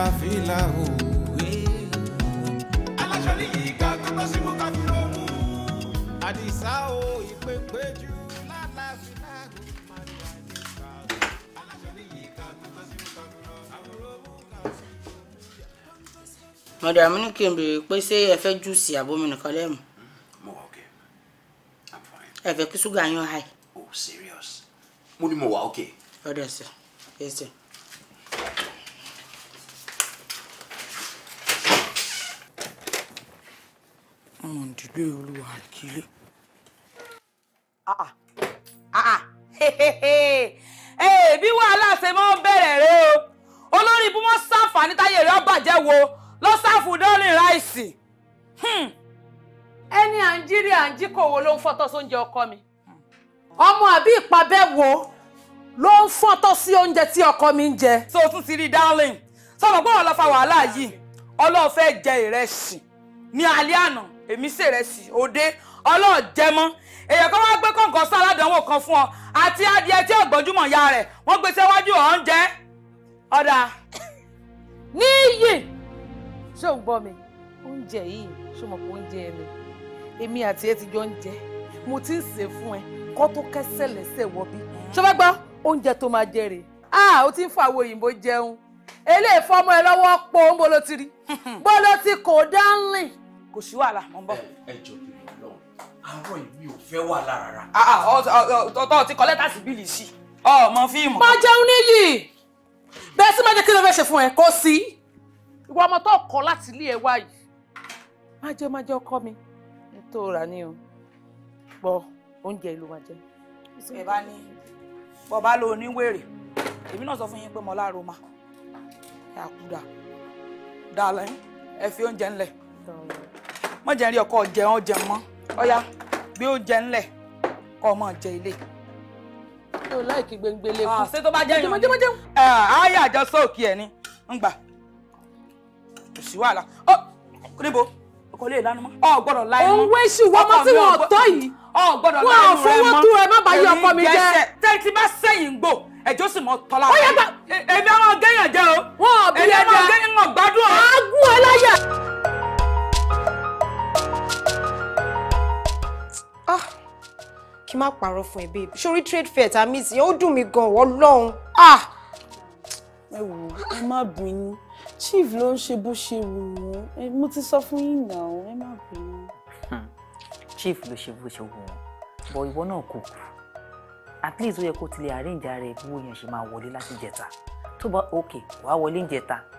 ka fìlà òwe. aláṣọ ní ìka kọ́kọ́ sí mú ká fi rò mú. àdìsá o ìpèpè jù lálàáfíà. mọ̀dà àmì ní kí n béèrè pé ṣé ẹ fẹ́ júùsì àbomi nìkan lẹ́mu. mo wà okay i'm fine. ẹ fẹ́ kí ṣúgà yín high. oh serious mo ní mo wà okay. ọ̀dọ̀ sir yes ọmọ ìdílé olúwa ah, ah, ah. bí wàhálà ṣe máa ń bẹ̀rẹ̀ rẹ o olórí ibú wọn ṣàǹfààní táyé rẹ ọbàjẹ́ wo ló ṣàfù dọ́ọ̀lì ráìsì. Hmm. ẹni à ń jírí à ń jí kòwò ló ń fọ́tọ́ sóúnjẹ ọkọ mi hmm. ọmọ àbí ìpabẹ́ wo lo ń fọ́tọ́ sí oúnjẹ tí ọkọ mi nje. jẹ. so tún ti rí darling sọ̀rọ̀ fa wàhálà yìí ọlọ́ọ̀fẹ́ jẹ iresi ní èmi ṣèrẹsì òde ọlọ́ọ̀jẹmọ́ èèyàn kan wá gbé kọ̀ǹkan sí aládàáwò kan fún ọ àti adìẹ tí ògbójúmọ̀ ya rẹ̀ wọ́n gbé síwájú ọ̀ ń jẹ́ ọ̀dà. níyì ṣé ò ń gbọ́ mi oúnjẹ yìí ṣé mo kó oúnjẹ mi èmi àti ẹ ti jọ ń jẹ mo ti ń sè fún ẹ kó tó kẹsẹ̀ lẹ́sẹ̀ wọ bí ṣé fẹ́ gbọ́ oúnjẹ tó máa jẹ rèé ah o ti ń fa àwọn òyìnbó jẹun eléèfọ́ ọmọ ẹ lọ́wọ́ pọ̀ ń bolo ti rí kò dánlìn kò sí wàhálà mọ̀ ń bọ̀. ẹ jọ kìlọ̀ ọlọ́run àárọ̀ ìwé ò fẹ́ wà lára. tọ́ ti kọ́ lẹ́tà sí bíìlì sí ọmọ fíìmù. má jẹun níyì bẹ́ẹ̀ sí má jẹ́ kí ló fẹ́ ṣe fún ẹ kó sí ìwọ ọmọ tó kọ́ láti ilé ẹ wá yìí má jẹ́ má jẹ́ ọkọ mi tó rà ní o gbọ́ oúnjẹ ìlú wa jẹ́. ẹ bá ní bọba ló ní wèrè èmi náà sọ fún yín pé mo láàárọ̀ ma ẹ àkúdà dàlẹ́ ẹ fi oúnjẹ ńlẹ̀ mọ jẹ́ rí ọkọ jẹun jẹun mọ́ ọ̀yá bí ó jẹ ńlẹ̀ kọ́ ọmọ jẹ ilé. mi ò láìkí gbẹngbẹlẹ kù. Ah, ṣé tó bá jẹ́ ìrìn jẹ́mọ́ jẹ́mọ́. ẹ eh, ayé àjọ sóòkì ẹ ni ń gbà kò sí wàhálà ọ níbo kò lè lánàá mọ́ ọ gbọ́dọ̀ láì mọ́. òun wé sí wọ́n mọ́ tí wọ́n tọ́ yìí. ọ gbọ́dọ̀ láì mọ́ rẹ mọ́ wọn ò fowó tó ẹ má bàa yí ọkọ mi jẹ. tẹ́tí bá sẹ́yìn gbò ẹjọ́ sì mọ tọ́lá. ó yẹ ká èmi ọmọ gẹ́yìn jẹ́ o. wọn ò bí ẹ èmi ọmọ gẹ́yìn ń o. àágùn ẹ ah kí má parọ́ fún ẹ babe sórí trade fair ta miss yẹn ó dùn mí gan Ọlọ́run ah. ẹ wò ó ẹ má bínú chief ló ń ṣe bó ṣe wù wọ́n mo ti sọ fún yín náà ẹ má bínú. Hmm. chief ló ṣe bó ṣe wù wọ́n bọ̀ ìwọ náà kò kù at least ó yẹ kó tilẹ̀ arrange ara ẹ̀ bí wọ́n yẹn ṣe máa wọlé láti jẹta tó bá ok wàá wọlé ń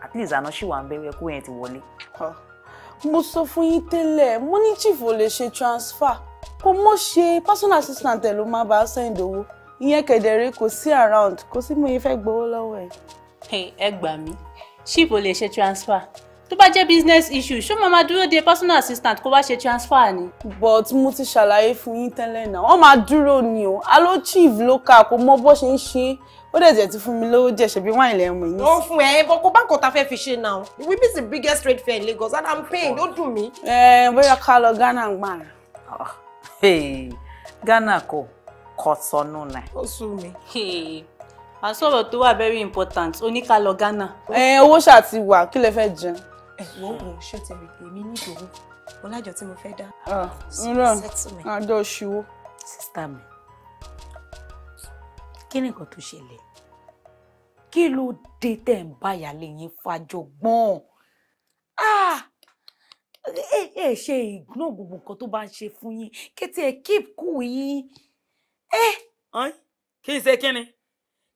at least àná ṣì wà ń bẹ́ẹ̀ kó yẹn ti wọlé. mo sọ fún yín tẹ́lẹ̀ mo ní chief ò lè ṣe transfer kò mọ̀ ṣe personal assistant ẹ̀ ló máa bá send owó ìyẹn kẹ̀dẹ̀rẹ́ kò sí around kò sí mo yẹn fẹ́ gbowó lọ́wọ́ ẹ̀. ẹ gbà mí ṣíìpù lè ṣe transfer tó bá jẹ́ business issue ṣó máa máa dúró de personal assistant kó wá ṣe transfer ni. but mo ti ṣàlàyé fún yín tẹ́lẹ̀ náà wọ́n máa dúró ni o alo chief local kò mọ bó ṣe ń ṣe ó dẹ̀ jẹ́ ti fún mi lówó jẹ́ ṣebí wáìn lẹ́yìn mọ̀ yín. ó fún ẹ bọ kó bá fẹ́ fi ṣe náà we miss the biggest trade fair in Lagos and i'm paying. ó dùn mí. ẹ bóyá ká lọ Ghana ń gbà. Ah ghana kò Kọ̀tọ́nù náà. ó sú mi. à tó wà very important oníkàlọ̀ ghana. ẹ owó ṣáà ti wà kí lẹ fẹ́ jẹun. ẹ wo wo ṣé tèmi èmi ní ìdòwò ọlájọ tí mo fẹ́ dá. nrọ adó ṣíwó. sista mi kí ni nǹkan tó ṣẹlẹ̀ kí ló dé tẹ̀ ń báyà lẹ́yìn fàjọgbọ́n. ah ẹ ẹ ṣe ìgbọ́n gbogbo nǹkan tó bá ń ṣe fún yín kété ẹ keep cool yín ẹ. kí n ṣe kí ni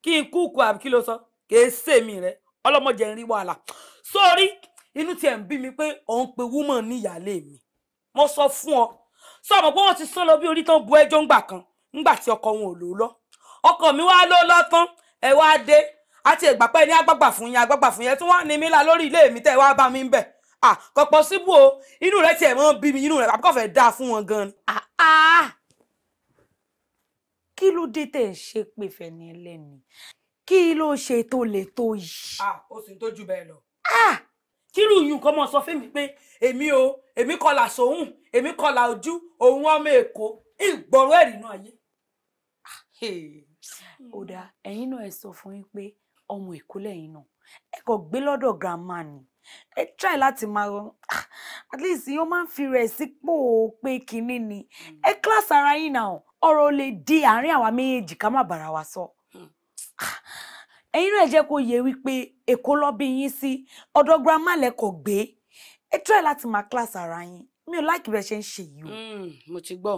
kí n kúkú àbí kí ló sọ kì í sèmi rẹ ọlọmọjẹ ń rí wàhálà sórí inú tiẹ̀ ń bí mi pé òun pe woman ní ìyáálé mi mo sọ fún ọ sọ mọ pé wọn ti sán lọ bí orí tán bu ẹjọ́ ńgbà kan ńgbà tí ọkọ wọn ò lò lọ ọkọ mi wá ló lọ tán ẹ wá dé àti ìgbà pẹ́ ní agbágbà fún yín agbágbà fún yín ẹ tún wá ní mi là lórí ilé mi tẹ́ ẹ wá bá mi ń bẹ̀ ah kò possible o inú rẹ tiẹ̀ mọ́ bí mi inú rẹ àbúkọ̀ fẹ́ dáa fún wọn gan. Ah, ah. kí ló dé tẹ̀ ń ṣe pé fẹ́ni ẹlẹ́ni kí ló ṣe tó lè tó yìí. Ah, ó sì ń tójú bẹ́ẹ̀ lọ. kírú yìí nǹkan mọ̀ sọ fún mi pé èmi o èmi kọlà sóhùn èmi kọlà ojú òun ọmọ èkó ìgbọ̀rọ̀ ẹ̀rì náà yé. ó dáa ẹ̀yin náà ẹ sọ fún yín pé ọmọ èkó lẹ́yìn náà ẹ kò gbé lọ́dọ̀ grandma ni ẹ try láti máa rọ at least yóò máa ń fi rẹ̀ sípò pé kinní ni hmm. ẹ class ara yín náà ọ̀rọ̀ lè di àárín àwa méjèèjì ká má bàrà wa sọ hmm. ẹ̀yin náà jẹ́ kó yẹ wípé èkó lọ́bí yín sí ọ̀dọ̀ grandma lẹ́kọ̀ọ́ gbé ẹ try láti máa class ara yín mi ò láìkí bẹ́ẹ̀ ṣe ń ṣe yìí o. Hmm, mo ti gbọ́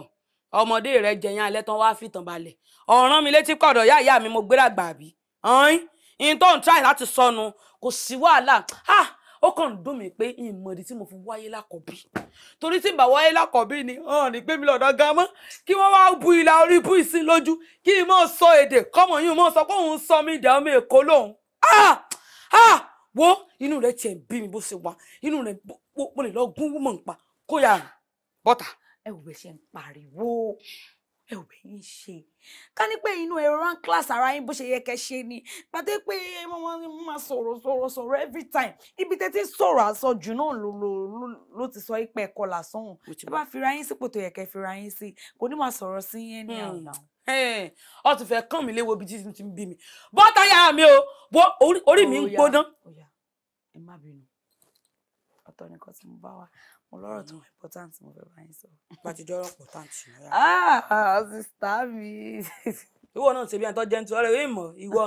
ọmọdé rẹ jẹyàn alẹ́ tán wá fìtàn balẹ̀ ọ̀ràn mi létí pàdọ̀ yá ìyá mi mo gbéra gbà bí tó ń try láti sọnù kò sí wàhálà ah ó kàn dùn mí pé ìmọ̀dí tí mo fi wáyé lákọ̀bí torí tí n bá wáyé lákọ̀bí ni hàn ní pé mi lọ́dọ̀ gan mọ́ kí wọ́n wá bu ìlà orí bú ìsín lójú kí n mọ̀ sọ èdè kọ́mọ̀ yín mọ̀ sọ pé òun sọ mí ìdá ọmọ èkó lòun wo inú rẹ tiẹ̀ bí mi bó ṣe wá inú rẹ mo lè lọ gún wúmọ̀ nípa kó yà bọ́tà. ẹ wò bẹ ṣe ń pariwo ẹ ò bẹ yín ṣe ká ní pé inú ẹ̀rọ rán class ara yín bó ṣe yẹ kẹ ṣe ni pàtó pé mo máa sọ̀rọ̀ sọ̀rọ̀ sọ̀rọ̀ every time ibi tẹ́tí sọ̀rọ̀ àsọjù náà ló ló ló ti sọ ìpẹ́ ẹ̀kọ́ lásán ẹ bá fira yín sípò tó yẹ kẹ fira yín sí kò ní máa sọ̀rọ̀ sí yẹn ní àná ọ ti fẹ́ kàn mí léwo ibi títí ti ń bí mi bọ́tà yà mí o bọ́ orí mi ń gbóná. ẹ má bínú ọ̀tọ̀ nìkan tí mo bá wà mo lọ́rọ̀ tó mm-hmm. important mo fẹ́ bá yín sọ. gbàtijọ́ ọ̀rọ̀ important ṣùgbọ́n. ah sista mi. ìwọ náà ṣe bí ẹni tó jẹun tí ọ̀rẹ́ rẹ mọ ìwọ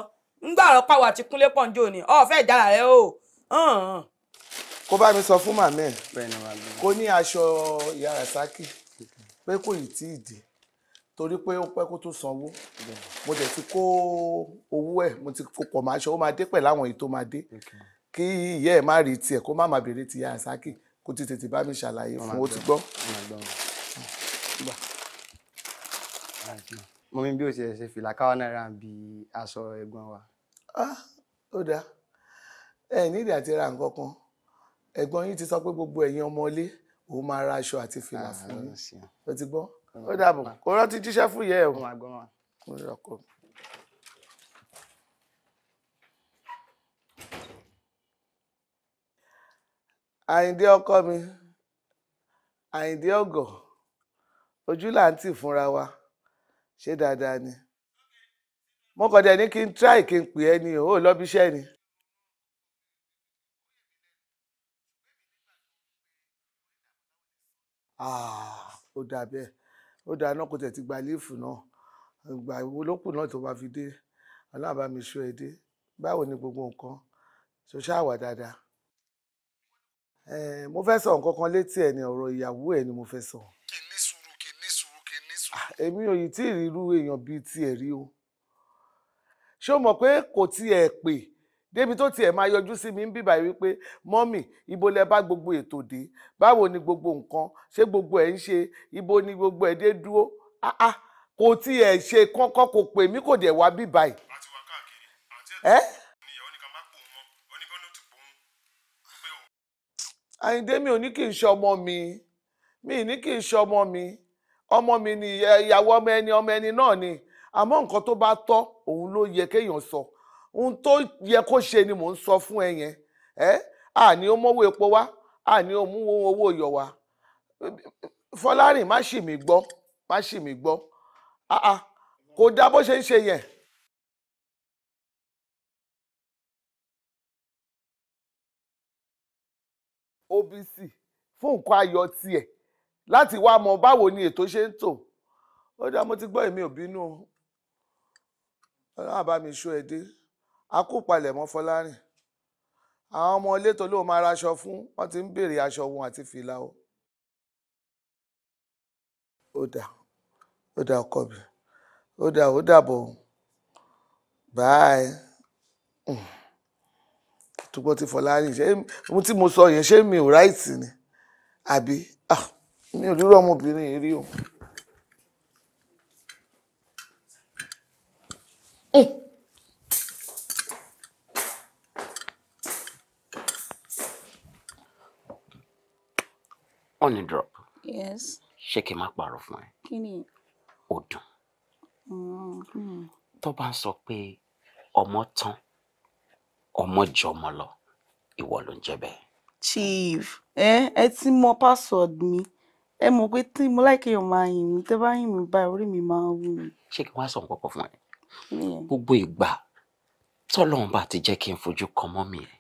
ńgbà ọ̀rọ̀ pàwọ àti kúnlé pọnjọ ni ọ fẹẹ dára rẹ o. kó bá mi sọ fún màmí ẹ kó ní aṣọ ìyára sákì pé kò ì tí ì dé torí pé ó pẹ́ kó tó sanwó mo dẹ̀ ti kó owó ẹ̀ mo ti kó pọ̀ máa ṣe ó máa dé pẹ̀lú àwọn èyí tó máa dé kí ìyá ẹ̀ má rí tiẹ̀ kó má má béèrè ti ìyá àsákì. Okay kó ti tètè bá mi ṣàlàyé fún ó ti gbọ́. mo mi bí o ṣe ṣe fìlà káwa náírà ń bi aṣọ ẹ̀gbọ́n wa. Ah, ó dáa ẹ nídìí àti ra nǹkan kan ẹ̀gbọ́n yín ti sọ pé gbogbo ẹ̀yin ọmọlé òun máa ra aṣọ àti fìlà ah, fún yín ó ti gbọ́ ó dàbọ̀ kó rántí jíṣẹ́ fún ìyá ẹ̀ o. àyíndé ọkọ mi àyíndé ọgọ ojú là ń tì fúnra wa ṣé dáadáa ni mo kàn dé ní kí n try kí n pè ẹ́ ni ò lọ́bí iṣẹ́ ni. Ah, ó dà bẹ́ẹ̀ ó dà náà kò tẹ̀ ti gba líìfù náà ìgbà wo ló kù náà tó bá fi dé aláàbámi ṣó ẹ dé báwo ni gbogbo nǹkan ṣoṣáà wà dáadáa. Eh, mo fẹ́ sọ nǹkan kan létí ẹ̀ ní ọ̀rọ̀ ìyàwó ẹ̀ ni mo fẹ́ sọ. kì í ní sùúrù kì í ní sùúrù kì í ní sùúrù. Ah, èmi ò yìí tí ì rírú èèyàn bíi tiẹ̀ rí o ṣé o mọ̀ pé kò tiẹ̀ pè débi tó tiẹ̀ máa yọjú sí mi ń bíbà yìí wípé mọ́mì ibo lẹ bá gbogbo ètò dé báwo ni gbogbo nǹkan ṣé gbogbo ẹ̀ ń ṣe ibo ni gbogbo ẹ̀ dé dúró ah ah kò tiẹ̀ ṣe kọ́kọ́ kò pè mí kò dẹ̀ wá bíbà yìí. ẹ Àyìndé mi ò ní kì í ṣe ọmọ mi mi ní kì í ṣe ọmọ mi ọmọ mi ni ìyàwó ọmọ ẹni ọmọ ẹni náà ni àmọ́ nǹkan tó bá tọ́ òun ló yẹ kéèyàn sọ ohun tó yẹ kó ṣe ni mò ń sọ fún ẹ yẹn ẹ àní ó mọ́wó epo wá àní ó mú owó yọ̀ wá Fọlárìn má ṣì mí gbọ́ má ṣì mí gbọ́ kò dá bó ṣe ń ṣe yẹn. OBC fún nǹkan ayọ̀ tiẹ̀ láti wá mọ báwo ni ètò ṣe ń tò ó dá mo ti gbọ́ èmi ò bínú o ọlọ́run bá mi ṣó ẹ dé akópalẹ̀mọ́ Fọlárìn àwọn ọmọ ilé tó lóun máa raṣọ fún wọn ti ń béèrè aṣọ wọn àti fìlà o. ó dà ó dà ọkọ mi ó dà ó dàbọ̀ báyìí àtúbọ̀ tí fọlárin ṣe ohun tí mo sọ yẹn ṣé mi ò ráìtì ni àbí ah, mi ò rírọ ọmọbìnrin yìí rí o. honey drop. yes. ṣé kí n má parọ́ fún ẹ. kí ni. ó dùn. Mm-hmm. tó bá ń sọ pé ọmọ tán ọmọ jọ ọmọ lọ ìwọ ló ń jẹ bẹ́ẹ̀. chief ẹ ẹ ti mọ password mi ẹ mọ̀ pé tí mo láìké ọmọ ayìn mi tẹ́ bá yìn mí báyìí orí mi máa ń wú mi. ṣé kí wọ́n á sọ nǹkan kan fún ẹ gbogbo ìgbà tọ́lọ́run bá ti jẹ́ kí n fojú kan mọ́ mi ẹ̀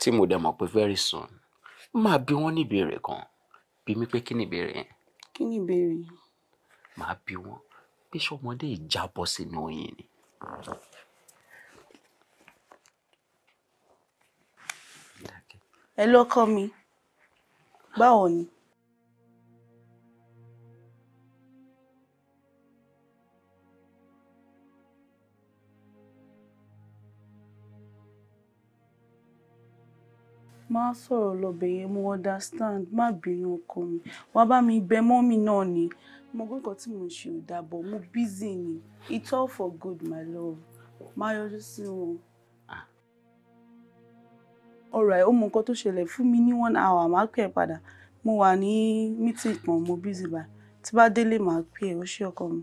tí mo dẹ̀ mọ̀ pé very soon máa bi wọ́n ní ìbéèrè kan bí mi pé kí ni ìbéèrè yẹn. kí ni ìbéèrè yẹn. màá bi wọ́n bí sọmọdé ìjábọ̀ sínú oyin ni. ẹ lọ́kọ mi báwo ni. má sọ̀rọ̀ lọ́bẹ̀ yẹn mo understand má bínú ọkọ mi wá bá mi bẹ mọ́mì náà ni mo gbọ́dọ̀ tí mo ṣe ò dàbọ̀ mo busy ni it's all for good my love má yọjú sí wọn alright ó mọ nǹkan tó ṣẹlẹ̀ fún mi ní one hour màá pè é padà mo wà ní meeting kan mo busy bá tí bá délé màá pè é ó ṣe ọkọ mi.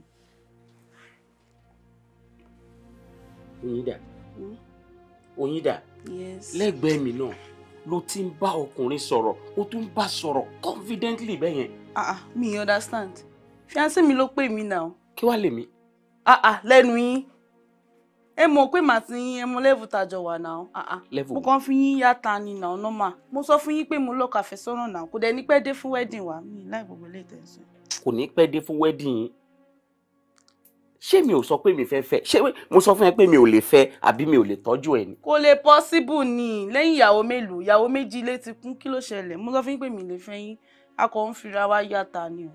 oyin dà hmm? oyin dà lẹ́gbẹ̀ẹ́ mi náà ló ti ń bá ọkùnrin sọ̀rọ̀ ó tún bá sọ̀rọ̀ confidently bẹ́ẹ̀ yẹn. ah ah mi understand fiancé mi ló pè mí náà. kí wàá lè mí. ah ah lẹ́nu yín ẹ mọ̀ pé màá ti yín ẹ mọ̀ level tàjọ wà náà ah, ah. mo kàn fi yín yàtà ni náà nọ́mà mo sọ fún yín pé mo lọ́ọ́ kàfẹ́ sọ́nà náà kò dẹ̀ ní pẹ́ dé fún wedding wa mi láì gbogbo ilé ìtẹ̀sán. kò ní pẹ́ dé fún wedding yín ṣé mi ò sọ pé mi fẹ́ fẹ́ ṣé mo sọ fún ẹ pé mi ò lè fẹ́ àbí mi ò lè tọ́jú ẹ ni. kò lè pọ́síbù ni lẹ́yìn ìyàwó mélòó ìyàwó méjì ilé ti kún kí ló ṣẹlẹ̀ mo sọ fún yín pé mi lè fẹ́ yín a kò ń fira wa yàtà ni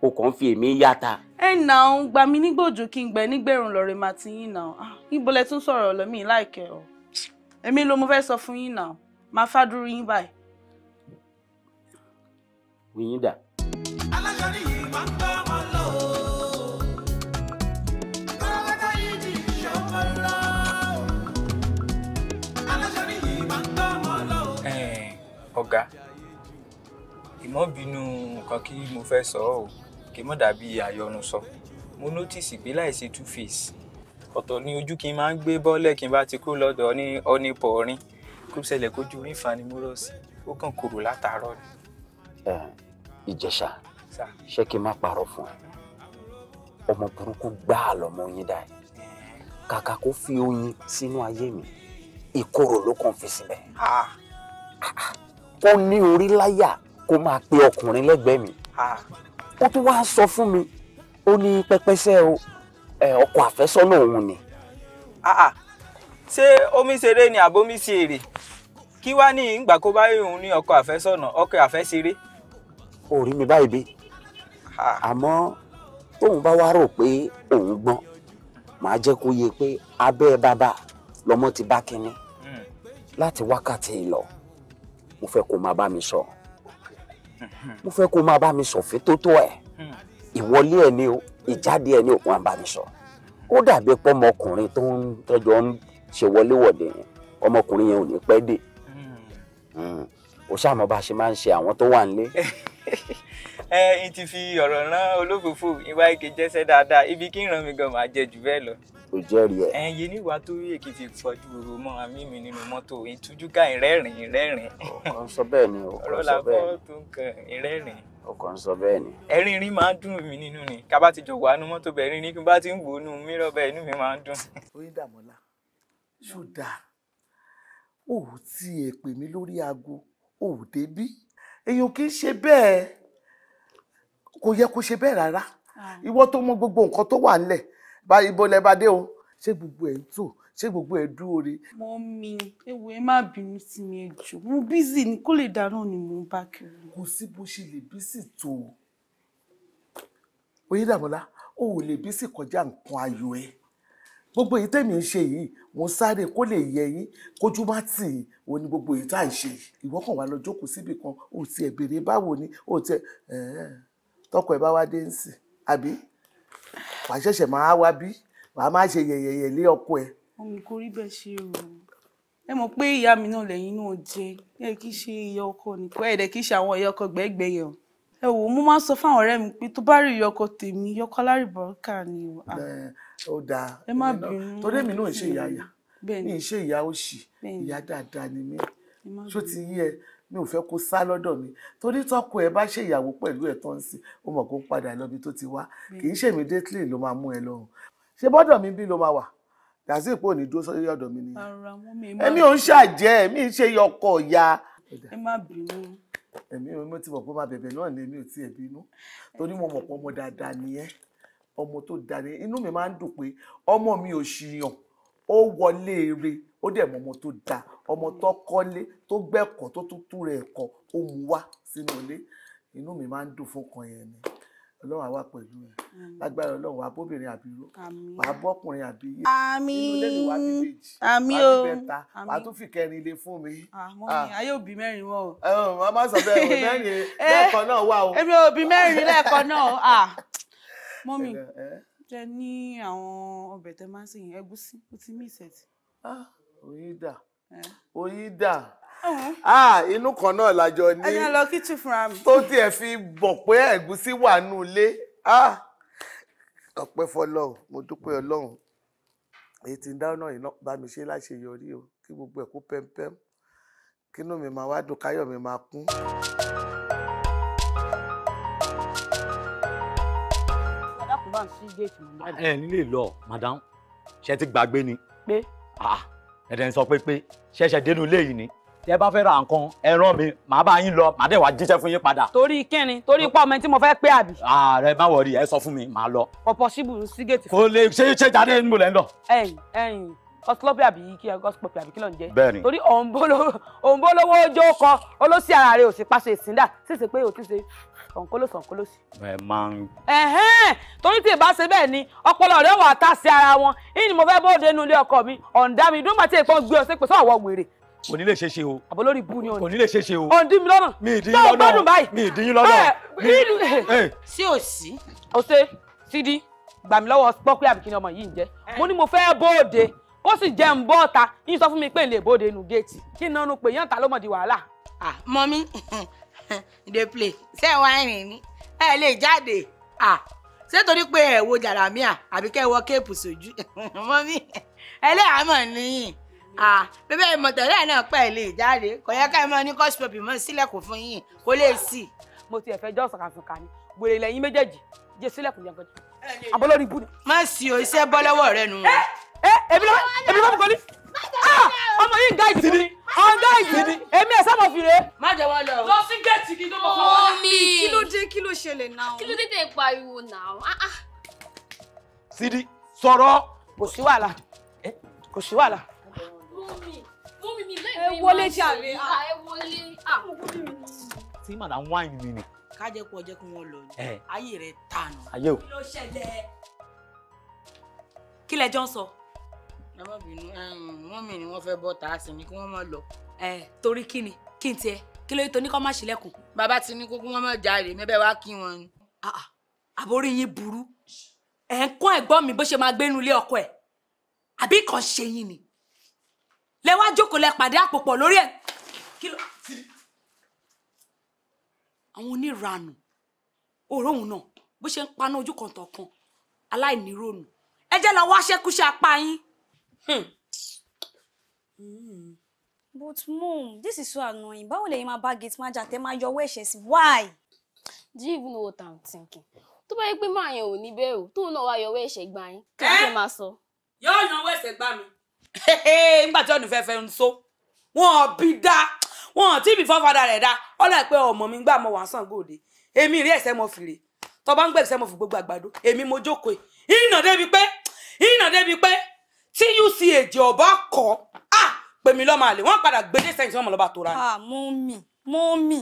o kàn fi èmi yàtà. ẹ nà ń gbà mí nígbòjú kí n gbẹ nígbèrún lọrẹ màá ti yín nà ah, níbo lẹ tún sọ̀rọ̀ lọmí láìkẹ ọ èmi ló mo fẹ́ sọ fún yín nà máa fádúró yín báyìí. oyin dà. ọ̀gá ìmọ̀ bínú nǹkan kí mo fẹ́ sọ ọ́ o kí mọ̀ dàbí àyọnu sọ mo nọ́tìsì pé láìsí two face ọ̀tọ̀ ni ojú kí n máa ń gbé bọ́ọ̀lẹ̀ kí n bá ti kú lọ́dọ̀ ní ọ́nípọ̀ orin kó ṣẹlẹ̀ kójú orin fanimúrọ̀sì ó kàn kúrò látàárọ̀ ni. ẹ ìjẹsà ṣé kí n má parọ́ fún ẹ ọmọ burúkú gbáà lọmọ yín dà kàkà kó fi oyin sínú ayé mi ìkorò ló kàn fi síbẹ̀ ó ní orí láyà kó máa pe ọkùnrin lẹ́gbẹ̀ẹ́ mi ó tún wá sọ fún mi ó ní pẹ́pẹ́sẹ́ ọkọ àfẹ́sọ́nà òun ni. ṣé omi ṣeré ni àbomi ṣe èrè kí wá ní ìgbà kó bá òun ní ọkọ àfẹ́sọ́nà ọkọ àfẹ́ṣeré. ó rí mi báyìí bí àmọ́ tóun bá wá rò pé òun gbọ́n màá jẹ́ kó yé pé abẹ́ bàbá lọmọ ti bá kínní hmm. láti wákàtí ìlọ mo fẹ́ kó máa bá mi sọ. So mo fẹ́ kó máa bá mi sọ̀fin tó tó ẹ̀ ìwọlé ẹ̀ ni o ìjáde ẹ̀ ni o máa bá mi sọ ó dàbí pé ọmọkùnrin tó ń tọ́jọ́ ń ṣe wọléwọ̀de yẹn ọmọkùnrin yẹn ò ní pẹ́ dé hmm. ó ṣàmọ́ bá ṣe máa ń ṣe àwọn tó wà nílé. ẹ ẹ ti fi ọ̀rọ̀ rán olófòfò ìwà èké jẹ́sẹ́ dáadáa ibi kí ń ràn mí gan máa jẹ jù bẹ́ẹ̀ lọ kò jẹ́rìí ẹ̀. ẹyin níwàá tó rí èkìtì pọ̀jù òru mọ́ àmì mi nínú mọ́tò ìtújúká ìrẹ́rìn ìrẹ́rìn. ọkọ ń sọ bẹ́ẹ̀ ni ọkọ ń sọ bẹ́ẹ̀ ni ọ̀rọ̀ làkọ́ tó ń kan ìrẹ́rìn. ọkọ ń sọ bẹ́ẹ̀ ni. ẹ̀rín rín máa ń dùn mí nínú ni ká bá ti jọ wà nú mọ́tò bẹ̀rín ní kí n bá ti ń wò ó nú mírọ̀ bẹ́ẹ̀ inú mi máa ń dùn. oyindamọla ṣó dáa ò tí ẹ pè mí lórí aago ò débí èèyàn kì í ṣe bẹ́ẹ̀ kò yẹ báyìí bó lẹ bá dé o ṣé gbogbo ẹ̀ ń tò ṣé gbogbo ẹ̀ dúró re. mi ewu ẹ má bínú sí mi ẹ mo bízì ni kó lè dáná ni mo bá kiri. kò sí bó ṣe lè bízì tó o oyídàmọ́lá o ò lè bízì kọjá nǹkan ayọ̀ ẹ gbogbo èyí tẹ̀mí ń ṣe mo sáré kó lè yẹ yín kójú má tì í ni gbogbo èyí tá à ń ṣe yìí ìwọ kàn wá lọ jókòó síbì kan ò tiẹ̀ ni ò tiẹ̀ tọkọ ẹ bá wá dé ń sìn àbí wàá ṣẹ̀ṣẹ̀ máa wá bí wàá má ṣe yẹ̀yẹ̀yẹ̀ lé ọkọ ẹ̀. ọmọ kò rí bẹ́ẹ̀ ṣe o ẹ mọ̀ pé ìyá mi náà lẹ́yìn náà jẹ́ ẹ kì í ṣe ìyá ọkọ nìkan ẹ̀ẹ́dẹ̀ kì í ṣe àwọn ìyá ọkọ gbẹ́gbẹ́ o ẹ wò mo máa ń sọ fáwọn ọ̀rẹ́ mi pé tó bá rí ìyọkọ tèmi yọkọ alárìbọrọkà ni o. Ah. ó dáa ẹ má bínú torí èmi náà ń ṣe ìyá àyà ní ìṣe ìyá òṣì ìyá dáadáa ni mí tó ti yí ẹ mi ò fẹ́ kó sá lọ́dọ̀ mi torí tọkọ ẹ bá ṣe ìyàwó pẹ̀lú ẹ̀ tó ń sìn ó mọ̀ kó padà lọ́bi tó ti wá kì í ṣèmi détlé ló máa mú ẹ lọ́rùn ṣe bọ́dọ̀ mi bí ló máa wà yàtí ìpò ní dúró sórí ọ̀dọ̀ mi nìyẹn èmi ò ń ṣàjẹ́ èmi ń ṣe ọkọ ìyá. ẹ má bínú. èmi ò mo ti mọ̀ pé máa bẹ̀bẹ̀ náà ni èmi ò tiẹ̀ bínú torí mo mọ̀ pé ọmọ dáadáa nìyẹn ọmọ tó dáa nìyẹn inú mi máa ń dùn pé ọmọ mi ò ṣìyàn ó wọlé eré ó dẹ̀ mọ ọmọ tó dáa ọmọ tó kọ́lé tó gbẹ́kọ̀ọ́ tó tún tú rẹ̀ ẹ̀kọ́ ó mú wá sínú ilé inú mi máa ń dùn fún kan yẹn ni ọlọ́run àwa pẹ̀lú ẹ̀ lágbára ọlọ́run wàá bóbìnrin àbíró wàá bọ́kùnrin àbíyé inú lẹ́nu wàá bíbèjì wàá bíbẹ̀ta wàá tún fi kẹrin ilé fún mi. ayé òbí mẹ́rin wọ́n o. ẹ má sọ bẹ́ẹ̀ o mẹ́rin eh, lẹ́ẹ̀kan náà wà o. èmi òbí mẹ́rin lẹ́ẹ̀kan náà jẹ ní àwọn ọbẹ̀ tẹ máa ń sè yẹn ẹ̀gúsí ó ti mí ìsẹ̀tì. Ah, oyin dà oyin dà ah. Ah, inú kan náà lájọ ní ẹ̀yìn lọ kíchìn fúnra mi. tó tiẹ̀ fi bọ̀ pé ẹ̀gúsí wà nù ilé ọpẹ́ fọlọ́run mo dúpẹ́ ọlọ́run èyí tí ń dáná yìí bá mi ṣe láṣeyọrí o kí gbogbo ẹ̀ kó pẹ́ńpẹ́m kínú mi máa wá dùn káyọ̀ mi máa kún. ń sí géètì mọ́ ẹ nílé lọ madam ṣe ti gbàgbé ni. pé. Ah, ẹ̀dẹ̀ ń sọ pé pé ṣẹ̀ṣẹ̀ dénú ilé yìí ni tẹ bá fẹ́ ra nǹkan ẹ rán mi màá bá yín lọ màá dẹ̀ wá jíṣẹ́ fún yín padà. torí kíni torí pa ọmọ tí mo fẹ́ pé àbí. ààrẹ má wọrí ẹ sọ fún mi màá lọ. pọpọ síbùrù sí géètì. kò lè ṣe é ṣe jáde níbo lẹ́ ń lọ ọsílọ́pì àbí kí ọsílọ́pì àbí kí ló ń jẹ́. bẹ́ẹ̀ni torí òǹbó lówó ojó kan olóṣì ara rẹ̀ ò sì paṣọ ìsíndà sì sì pé o ti ṣe ọ̀nkólóṣì ọ̀nkólóṣì. ẹ máa ń. ẹhẹ́n torí tí ìbá ṣe bẹ́ẹ̀ ni ọpọlọ rẹ̀ wà tá sí ara wọn yìí ni mo fẹ́ bóde inú ilé ọkọ mi ọ̀ǹda mi dúró màtí èèpọ̀ gbé ọ sí pé sọ àwọ̀ wèrè. kò ní lè ṣe ṣe o. àbólórí bú ni òní. kò ní lè ṣe ṣe o. òǹdí mi lọ́nà. mi ìdí yín lọ́nà mi ìdí yín lọ́nà. sí òsì. òsè sídi gbàmílọ́wọ́ pọ́pẹ́ àbíkí ni ọmọ yìí ń jẹ́ mo ní mo fẹ́ bóde ó sì jẹ́ ń bọ́ ọ̀ta yín sọ fún mi pé n lè bóde nu géètì kí n nánú pé yán ta ló mọ̀ di wàhálà. ah mọ́mí dey play ṣé ẹ wá rìn ní ẹ lè jáde ah ṣé torí pé ẹ wo jàràmíà àbí kẹ́ ẹ wọ kéèpù sójú mọ́mí ẹlẹ́yà mọ̀ níyìn ah bébẹ́ ìmọ̀tẹ́lẹ́ náà pẹ́ ẹ lè jáde kò yẹ ká ẹ mọ ní kọ́sìpọ̀pì mọ́ sílẹ̀kùn fún yín kó lè sí. mo ti ẹ̀fẹ́ jọ́ sàkàsàkà ni gbèrè lẹ́yìn méjèèjì jẹ́ sílẹ̀kùn yàgbẹ́jọ́ àbọ̀lórí ibú ni. má sì iṣẹ́ bọ́ lọ́wọ́ rẹ nù. Eh, èmi lọ́wọ́ èmi lọ́wọ́ kọ́lí ah, ọmọ yìí ń gáìdì fún mi àwọn gáìdì ni èmi ẹ̀ sábà fi rè é. má jẹ wọn lọ. lọ sí géètì kí ló mọ fún wa. omi kí ló dé kí ló ṣẹlẹ̀ náà. kí ló dé pariwo náà. Ah, ah. Sidi sọ̀rọ̀ kò sí wàhálà eh? kò sí wàhálà. ẹ wọlé jàre ẹ wọlé. tí màdà ń wáìnì mi ni. ká jẹ́ kó ọjọ́ kí wọ́n lọ ni eh. ayé rẹ̀ tànù. ayé o. kí ló ṣẹlẹ̀ kí lẹ jọ ń sọ ẹ má bínú mọ́mì ni wọ́n fẹ́ bọ́ tá a sì ní kí wọ́n má lọ. ẹ torí kí ni kí n tiẹ̀ kí ló yẹ tó ní kọ́ má ṣílẹ̀kùn. bàbá ti ní kókó wọn má jáde mẹ́bẹ̀ wá kí wọn àbórí yín burú ẹ̀ ń kọ́ ẹ̀gbọ́n mi bó ṣe máa gbénu ilé ọkọ ẹ̀ àbí kàn ṣe yín ni lẹ wá jókòó lẹ pàdé àpòpọ̀ lórí ẹ̀ kí ló. àwọn oníranù òróhùn náà bó ṣe ń paná ojú kan tọ̀kan aláìnírònú ẹ jẹ́ lọ wá ṣẹ́kúṣe apá yín. Hmm. But mom, this is so annoying. Báwo lẹ̀yin máa bá gate manager tẹ́ máa yọwọ́ ẹ̀ṣẹ̀ sí? Why? Do you even know what I'm thinking? Tó bá yẹ pé máa yẹn ò ní bẹ́ẹ̀ o, tóun náà wá yọwọ́ ẹ̀ṣẹ̀ gbà yín. Kí ló eh? máa sọ? Yóò yanwọ́ ẹ̀ṣẹ̀ gbà mi. Nígbà tí ọ̀nù fẹ́fẹ́ ń so, wọ́n bí dá, wọ́n tí bí fọ́fadà rẹ̀ dá, ọ̀là pé ọmọ mi gbà mọ wà sàn gòde. Èmi rí ẹ̀ṣẹ̀ mo fìrè. Tọ́ bá ń gbẹ̀ṣẹ̀ mo fi gbogbo àgbàdo. Èmi mo jókòó. Ìnà débi pé, ìnà débi pé, tí uch ọba kọ á pèmí lọ́mọ àlè wọ́n padà gbé dé sẹ́yìn tí wọ́n hmm. mọ̀ lọ́ba tó ra ni. mú mi mú mi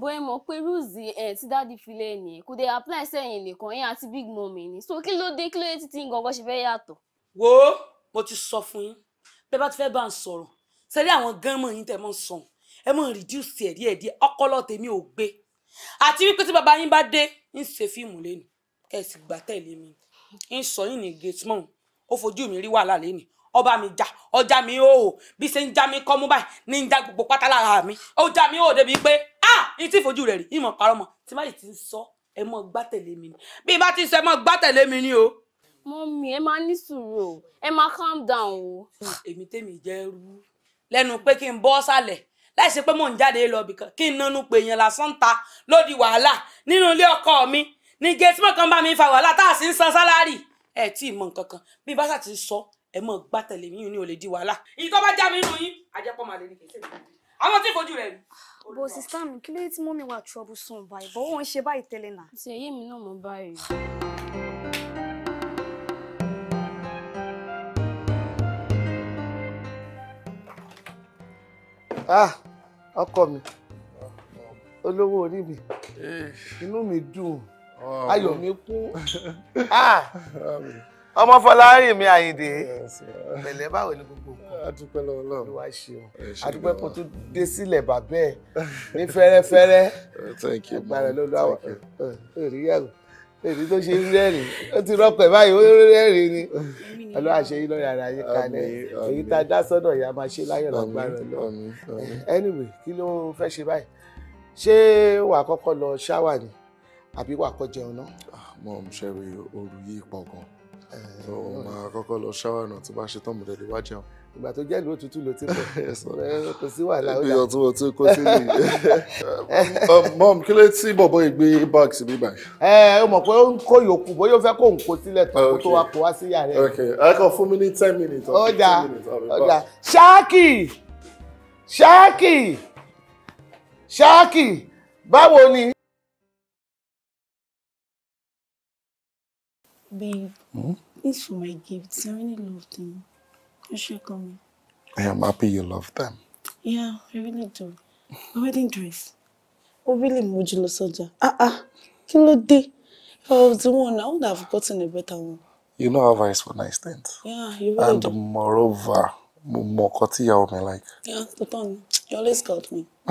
bóyá mo pé rúùsì ẹ tí dáàdi fi lé ni kò dé apply sẹ́yìn nìkan yẹn àti big mummy ni so kí ló dé kí ló dé títí gangan ṣe fẹ́ yàtọ̀. wo mo ti sọ fún yín bẹ́ẹ̀ bá ti fẹ́ bá ń sọ̀rọ̀ sẹ́rí àwọn gánmọ̀ yín tẹ̀ mọ́ sàn ẹ mọ̀ reduce ẹ̀ díẹ̀ díẹ̀ ọpọlọ tèmi ò gbé àti wípé tí bàbá yín bá dé ń ṣe fíìmù lẹ́nu kẹ́ ẹ̀ sì ń sọ yín ní gate mọ́n ó fojú mi rí wàhálà lẹ́nu ọba mi jà ọjà mi ó hò bí ṣe ń já mi kọ́mú báyìí ní ń já gbogbo pátá lára mi ó já mi ó débi pé ah ní tí ìfojú rẹ̀ rí ìmọ̀ parọ́ mọ̀ tí má yìí ti ń sọ ẹ mọ́ gbátẹ̀lé mi ni bí bá ti sọ ẹ mọ́ gbátẹ̀lé mi ni o. mọ́mí ẹ máa ní sùúrù o ẹ máa calm down o. Ah, èmi tèmi jẹ́ rú lẹ́nu pé kí n bọ́ sálẹ̀ láìsí pé mò ń jáde lọ bìkan kí n nánú pé èèyàn lásán ta lódì wàhálà nínú ilé ọkọ mi ní gẹ̀ẹ́sì mọ̀kan bá mi fa wàhálà tá a sì ń san sálárì ẹ tí ì mọ nǹkan kan bí bá sà ti sọ ẹ mọ gbá tẹlẹ yín ni ò lè di wàhálà. ìyí tó bá já mi nù yín àjẹpọ̀ màlẹ ni kì í tẹ̀lé àwọn tí fojú rẹ rí. bó sísá mi kí ló dé tí mọ́mí wà troublesome báyìí bọ́ wọ́n ń ṣe báyìí tẹ́lẹ̀ náà. ti ẹ̀yẹ́ mi náà mọ̀ báyìí. ah ọkọ mi olówó orí mi eh. inú mi dùn ayọ̀ mi kún ah, ọmọ fọlárin mi àyìndé pẹ̀lẹ́ báwo ni gbogbo adúpẹ́ lọ́wọ́ lọ́wọ́ wá ṣe o adúpẹ́ kò tún dé sílẹ̀ bàbẹ́ ẹ̀ ní fẹ́rẹ́fẹ́rẹ́ agbára ló lọ́wọ́ èrí yàgò èrí tó ṣe rẹ́rìn ó ti rọ́pẹ̀ báyìí ó rẹ́rìn ni ọlọ́ àṣeyí lọ́ọ́ yàrá yín kalẹ̀ èyí tá a dá sọ́dọ̀ yà máa ṣe láyọ̀ lágbára lọ́wọ́ anyway kí ló fẹ́ ṣe báyìí ṣé wàá kọ́kọ́ lọ ṣáwà ni àbí wà kọ́ jẹun náà. Ah, mo ń ṣẹ̀rí ooru yìí pọ̀ gan so màá kọ́kọ́ lọ ṣáwà náà tí bá ṣe tán mo dẹ̀ lè wá jẹun. ìgbà tó jẹ́ ìlú òtútù ló ti pọ̀ kò sí wàhálà ó dà. ìgbìyànjú tí mo ti kó sílẹ̀ mom kí ló ti bọ̀bọ̀ ìgbé bag sí bíbá. ẹ ẹ mọ̀ pé ó ń kó yòókù bóyá ó fẹ́ kó ń kó sílẹ̀ tó kó tó wá kó wá sí yàrá ẹ̀. ok ẹ fún mi ní ten minutes. ó dà ó dà ṣáàkì ṣáàkì ṣáàkì báwo ni. Babe, hmm? it's for my gifts. I really love them. You should come. I am happy you love them. Yeah, I really do. My wedding dress. Oh, really, Mojulo Soja. Ah, ah. kilo ló If I was the one, I would have gotten a better one. You know how vice for nice things. Yeah, you really And do. moreover, mo kọ tí ìyàwó like. Yeah, the tongue. You always got me.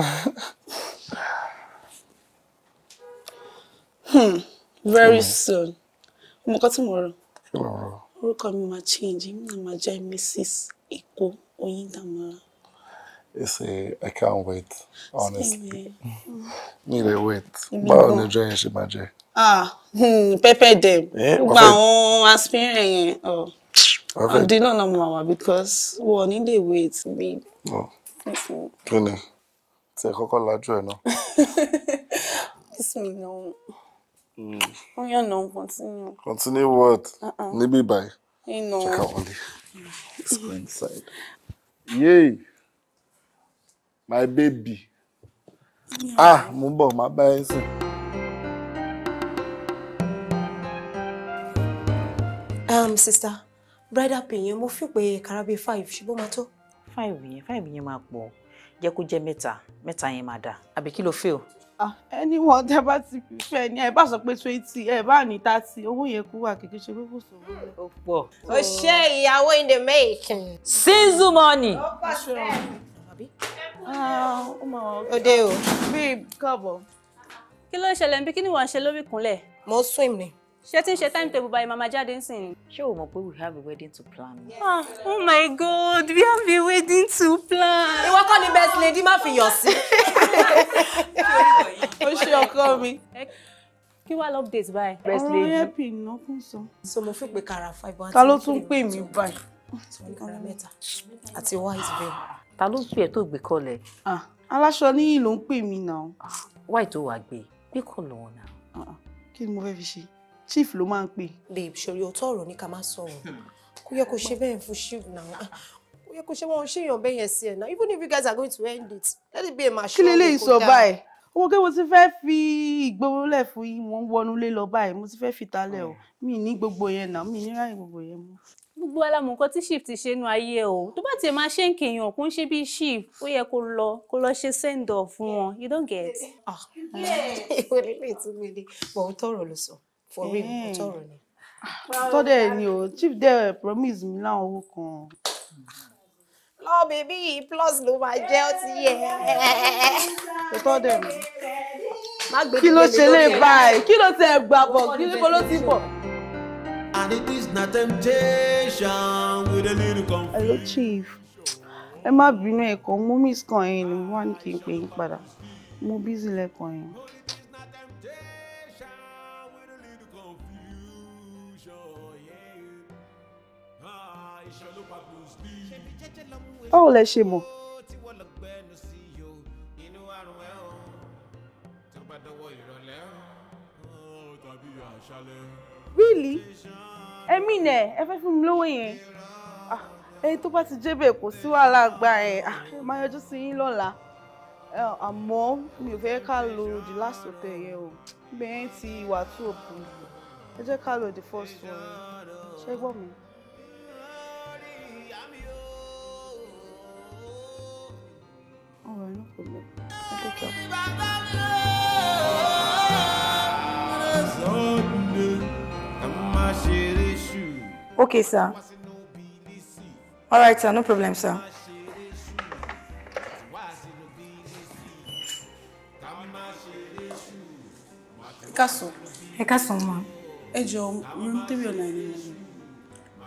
hmm. Very soon mo kọ́ tí mo rọ orúkọ mi máa change mi náà máa jẹ́ Mrs. Èkó Oyindamọ́ra. You see, I can't wait, honestly. Mi lè wait. Báwo ni ọjọ́ yẹn ṣe máa jẹ? Ah, hmm, pepper dem. Eh, Gba àwọn aspirin yẹn. Ọdún oh. náà náà máa wà because wọ́n ní lè wait mi. Oh. Kí ni? Tí ẹ kọ́kọ́ lajú ẹ̀ náà. Bísí mi náà. Mm. Oh, yeah, no, continue. Continue what? Uh-uh. Maybe by. You know. Check out Oli. Let's go inside. Yay! My baby. Yeah. Ah, mumbo my baby. Um, sister, brother, pin mo fi pé karabi five ṣùgbọ́n bo tó. Five yẹn, five yẹn máa pọ̀. Jẹ́ kó jẹ́ mẹ́ta, mẹ́ta yẹn máa dà. Àbí kí lo feel ẹni wọn tẹ bá ti fẹ ni ẹ bá sọ pé twenty ẹ bá ní thirty owó yẹn kú wà kékeré ṣe kókó sọ wọn. ó pọ̀. o ṣe ìyàwó in the making. sinzu money. ó pọ̀ sílẹ̀. òde ah, o. bíi kọ́bọ̀. kí ló ń ṣẹlẹ̀ ń bí kí ni wọ́n ń ṣe lórí ìkúnlẹ̀. mo swim ni ṣé tí ń ṣe time table báyìí màmá jáde ń ni. ṣé o mọ̀ pé we have a wedding to plan. ah oh my god we have a wedding to plan. ìwọ kọ́ ni best lady má fi yọ̀ sí. o ṣe ọkọ mi. kí wàá lọ update báyìí. best lady ọ̀rọ̀ yẹn pè ní ọkùnrin sọ. so mo fi pe kàrà five one. ta ló tún pè mí báyìí. kàrà mẹ́ta àti white bell. ta ló ń pè ẹ́ tó gbé kọ́lẹ̀. ah aláṣọ níyì ló ń pè mí náà. Ah, white tó wàá gbé gbé kọ́ lọ́wọ́ náà. Ah, ah, kí ni mo fẹ́ fi ṣe chief ló máa ń pè. babe sori ọ̀tọ̀ ọ̀rọ̀ ni ká má sọ̀rọ̀ kò yẹ kó ṣe bẹ́ẹ̀ fún chief náà kò yẹ kó ṣe wọn ṣe èèyàn bẹ́ẹ̀ sí ẹ̀ náà even if you guys are going to end it let it be a mature. kí leléyìí sọ báyìí owó kí mo ti fẹ́ fi ìgboro lẹ̀ fún yín mo ń wọnú lé lọ báyìí mo ti fẹ́ fi talẹ̀ o mi ní gbogbo yẹn náà mi ní ráyè gbogbo yẹn mọ́. gbogbo alamọ nǹkan tí shift ṣe nu ayé o tó bá tiẹ̀ máa ṣe ń kéèyàn kó ń ṣe bí shift ó yẹ kó lọ kó lọ ṣe send off fún wọn you don't get. ah ẹ ẹ wọlé lè tún mi ní mò ń tọrọ ló sọ for real ọtọrọ ni. Ah, tọ́dẹ̀ ni o chief dẹ̀ promise mi láwọn owó kan. lọ bèbí yìí plus ló máa jẹ́ ó ti yẹ. tọ́dẹ̀ mi kí ló ṣe lè báyìí kí ló tẹ gbà bọ̀ kí ló ti bọ̀. And it is not temptation with a little confusion. Hello, Chief. Ẹ má bínú ẹ̀kọ́, mo miss kan yín ni, mo wá ní kí n pè yín padà. Mo busy lẹ́kọ̀ọ́ yín. báwo lẹ ṣe mọ̀. wíìlì ẹ̀mí nẹ̀ ẹ fẹ́ fún mi lówó yẹn ah, ẹni tó bá ti jébè kò sí wàhálà àgbà ẹ̀ ah, ẹ máa yọjú sí yín lọ́la àmọ́ mi ò fẹ́ ká lo the last hotel yẹn o bẹ́ẹ̀ ti wà tó òpin ẹ jẹ́ ká lo the first one ṣé gbọ́ mi. All right, no problem. I'll take care. Okay, sir. All right, sir. No problem, sir. Káàsán. Hey, káàsán ma. Ẹ jọ room three oh nine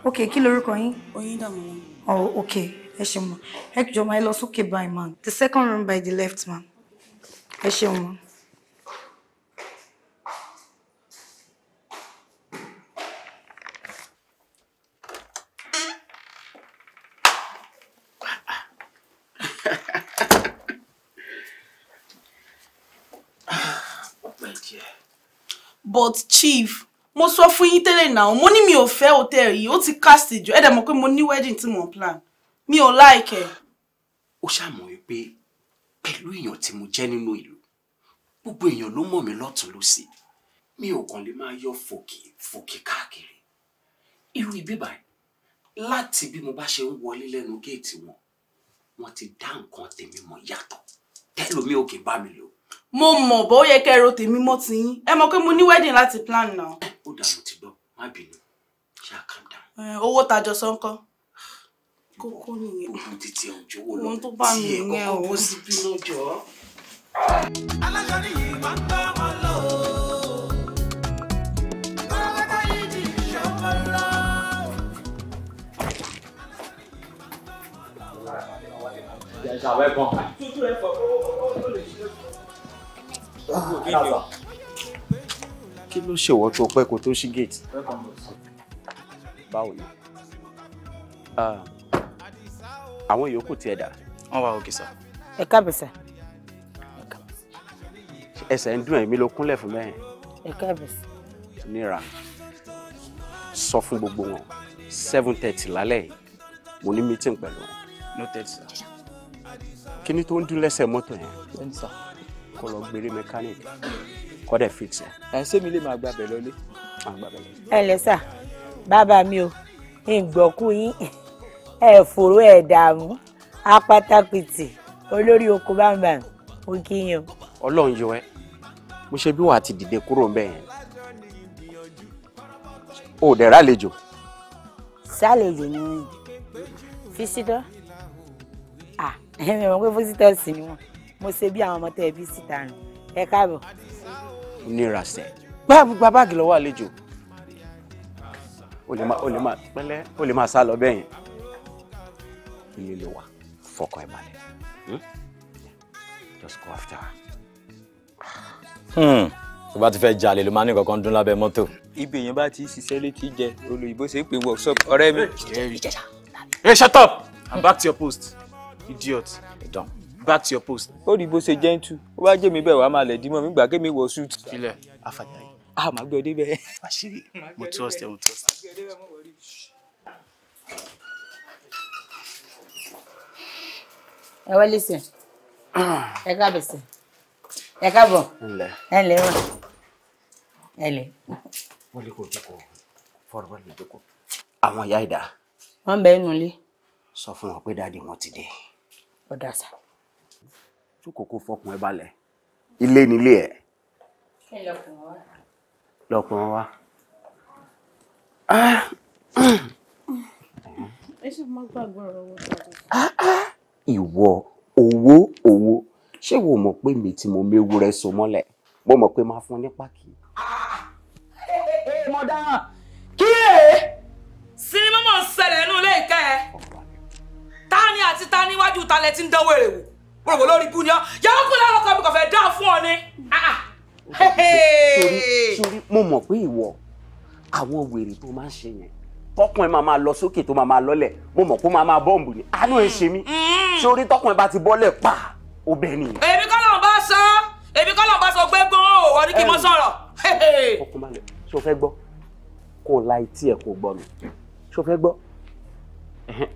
Okay, kí lorúkọ yín? Oyindamola. Oh, okay ẹ ṣeun ma ẹ my loss. Okay, lọ man. the second room by the left ma ẹ ṣeun ma. but chief mo sọ fún yín tẹ́lẹ̀ náà mo ní mi ò fẹ́ hòtẹ́ẹ̀lì yìí ó ti cast jù ẹ dẹ̀ mọ̀ pé mo ní wedding tí mo plan mi ò láìkẹ. ó ṣàmọ̀ wípé pẹ̀lú èèyàn tí mo jẹ́ nínú ìlú gbogbo èèyàn ló mọ̀ mi lọ́tún lọ́sì mi ò kàn lè máa yọ fòkè fòkè káàkiri irú ibi báyìí láti bí mo bá ṣe ń wọlé lẹ́nu géètì wọn wọ́n ti dá nǹkan tèmi mọ̀ yàtọ̀ tẹ́lómi ò kì bá mi lò. mo mọ̀ bó yẹ kẹ́ ro tèmi mọ́ ti yín ẹ mọ̀ pé mo ní wedding láti plan náà. ó dààmú ti gbọ́ má bínú ṣáà calm down. owó tajọ sọ́ńkọ́ kókó nìyẹn gbogbo títí ẹ̀ òjò wò lọ tí ẹ̀ kọ́kọ́ bó síbí lọ́jọ́. alájọ nìyí máa ń tọ́ Kí ló ṣèwọ́ tó pẹ́ kó tó ṣí gate? Báwo ni? Ah àwọn yòókù tiẹ̀ dà. wọ́n wá òkè sá. ẹ káàbọ̀ sá. ẹsẹ̀ ń dùn ẹ̀mí ló kúnlẹ̀ fún mẹ́rin. ẹ káàbọ̀ nira sọ fún gbogbo wọn seven thirty lálẹ́ yìí mo ní meeting pẹ̀lú wọn. no thirty sá. kí ni tó ń dún lẹ́sẹ̀ mọ́tò yẹn. ten sá. kó lọ gbére mẹkáníìkì kó dẹ̀ fix ẹ̀. ẹ̀ ń sẹ́mi lè máa gbàbẹ̀ lọ́lé. ẹ lẹ́sà bàbá mi o ń yín ẹ fòrò ẹ dààmú apátápìtì olórí oko bàbà mo kí yín. Ọlọ́run yọ ẹ mo ṣe bí wàá ti dìde kúrò ń bẹ yẹn o ò dẹ̀ rálejò. sálejò ni wọn fisitọ ah ẹ̀mí wọn pé fisitọ sì ni wọn mo ṣe bí àwọn ọmọ tẹ ẹ bí síta rìn ẹ káàbọ̀. nira sẹ gba báàgì lọ́wọ́ àlejò o lè máa sá lọ bẹ́ẹ̀ yẹn ilé lè wà just go after her. Hmm. tó bá ti fẹ́ jalè ló máa ní kankan dún lábẹ́ mọ́tò. ibi èèyàn bá ti ṣiṣẹ́ létí jẹ olùyìnbó ṣe é pé workshop ọ̀rẹ́ mi. hey shut up and hmm. back to your post idiot. ìdán. back to your post. ó rí bó ṣe gentle ó bá jẹ́ mi bẹ́ẹ̀ wá máa lẹ̀ dímọ̀ mi gbà kémi wọ suit. filẹ̀ afajayi. a ah, máa gbé ọdẹ bẹ́ẹ̀. mo trust ẹ mo trust ẹ. ẹ wọlé sí ẹ káàbọ̀ sí ẹ káàbọ̀ ẹ lè wà ẹ lè. wọ́n lè kó jókòó fọ́ọ̀rọ̀ wọ́n lè jókòó. àwọn ìyá ìdá. wọ́n bẹ inú ilé. sọ fún wọn pé dáàdi wọn ti dé. ó dà sá. jókòó kó fọkùn ẹ balẹ̀ ilé nílé ẹ. kí lọkùn wa. lọkùn wa. ẹ ṣe máa gbàgbọ́ ọ̀rọ̀ wọn. Ah, ah ìwọ owó owó ṣé wo mọ̀ pé mi tí mo méwúrẹ́ so mọ́lẹ̀ mo mọ̀ pé máa fún ní pàkì. mọ̀dáràn kí èé sinimá mọ̀ ń ṣẹlẹ̀ nínú ilé ìkẹ́ ẹ̀ tani àti tani iwájú talẹ̀ ti ń dánwò èrè wò rògbò lórí ikú ni ọ yàrá kúlẹ̀ àwọn kan mi kò fẹ́ dá fún ọ ni. sori ah, ah. sori mo mọ̀ pé ìwọ àwọn wèrè tó máa ń ṣe yẹn tọkùn ẹ máa máa lọ sókè tó máa máa lọlẹ̀ mo mọ̀ kó máa máa bọ́ǹbù ni àánú ẹ ṣe mí mm-hmm. sórí tọkùn ẹ bá ti bọ́lẹ̀ pa ó bẹ́ẹ̀ nìyẹn. èmi kọ́ lọ́n bá sọ èmi kọ́ lọ́n bá sọ gbé gbọ́n o wọ́n ní kí n mọ sọ̀rọ̀. ọkùnrin balẹ̀ ṣo fẹ́ gbọ́ kó o la etí ẹ̀ kó o gbọ́ mi ṣo fẹ́ gbọ́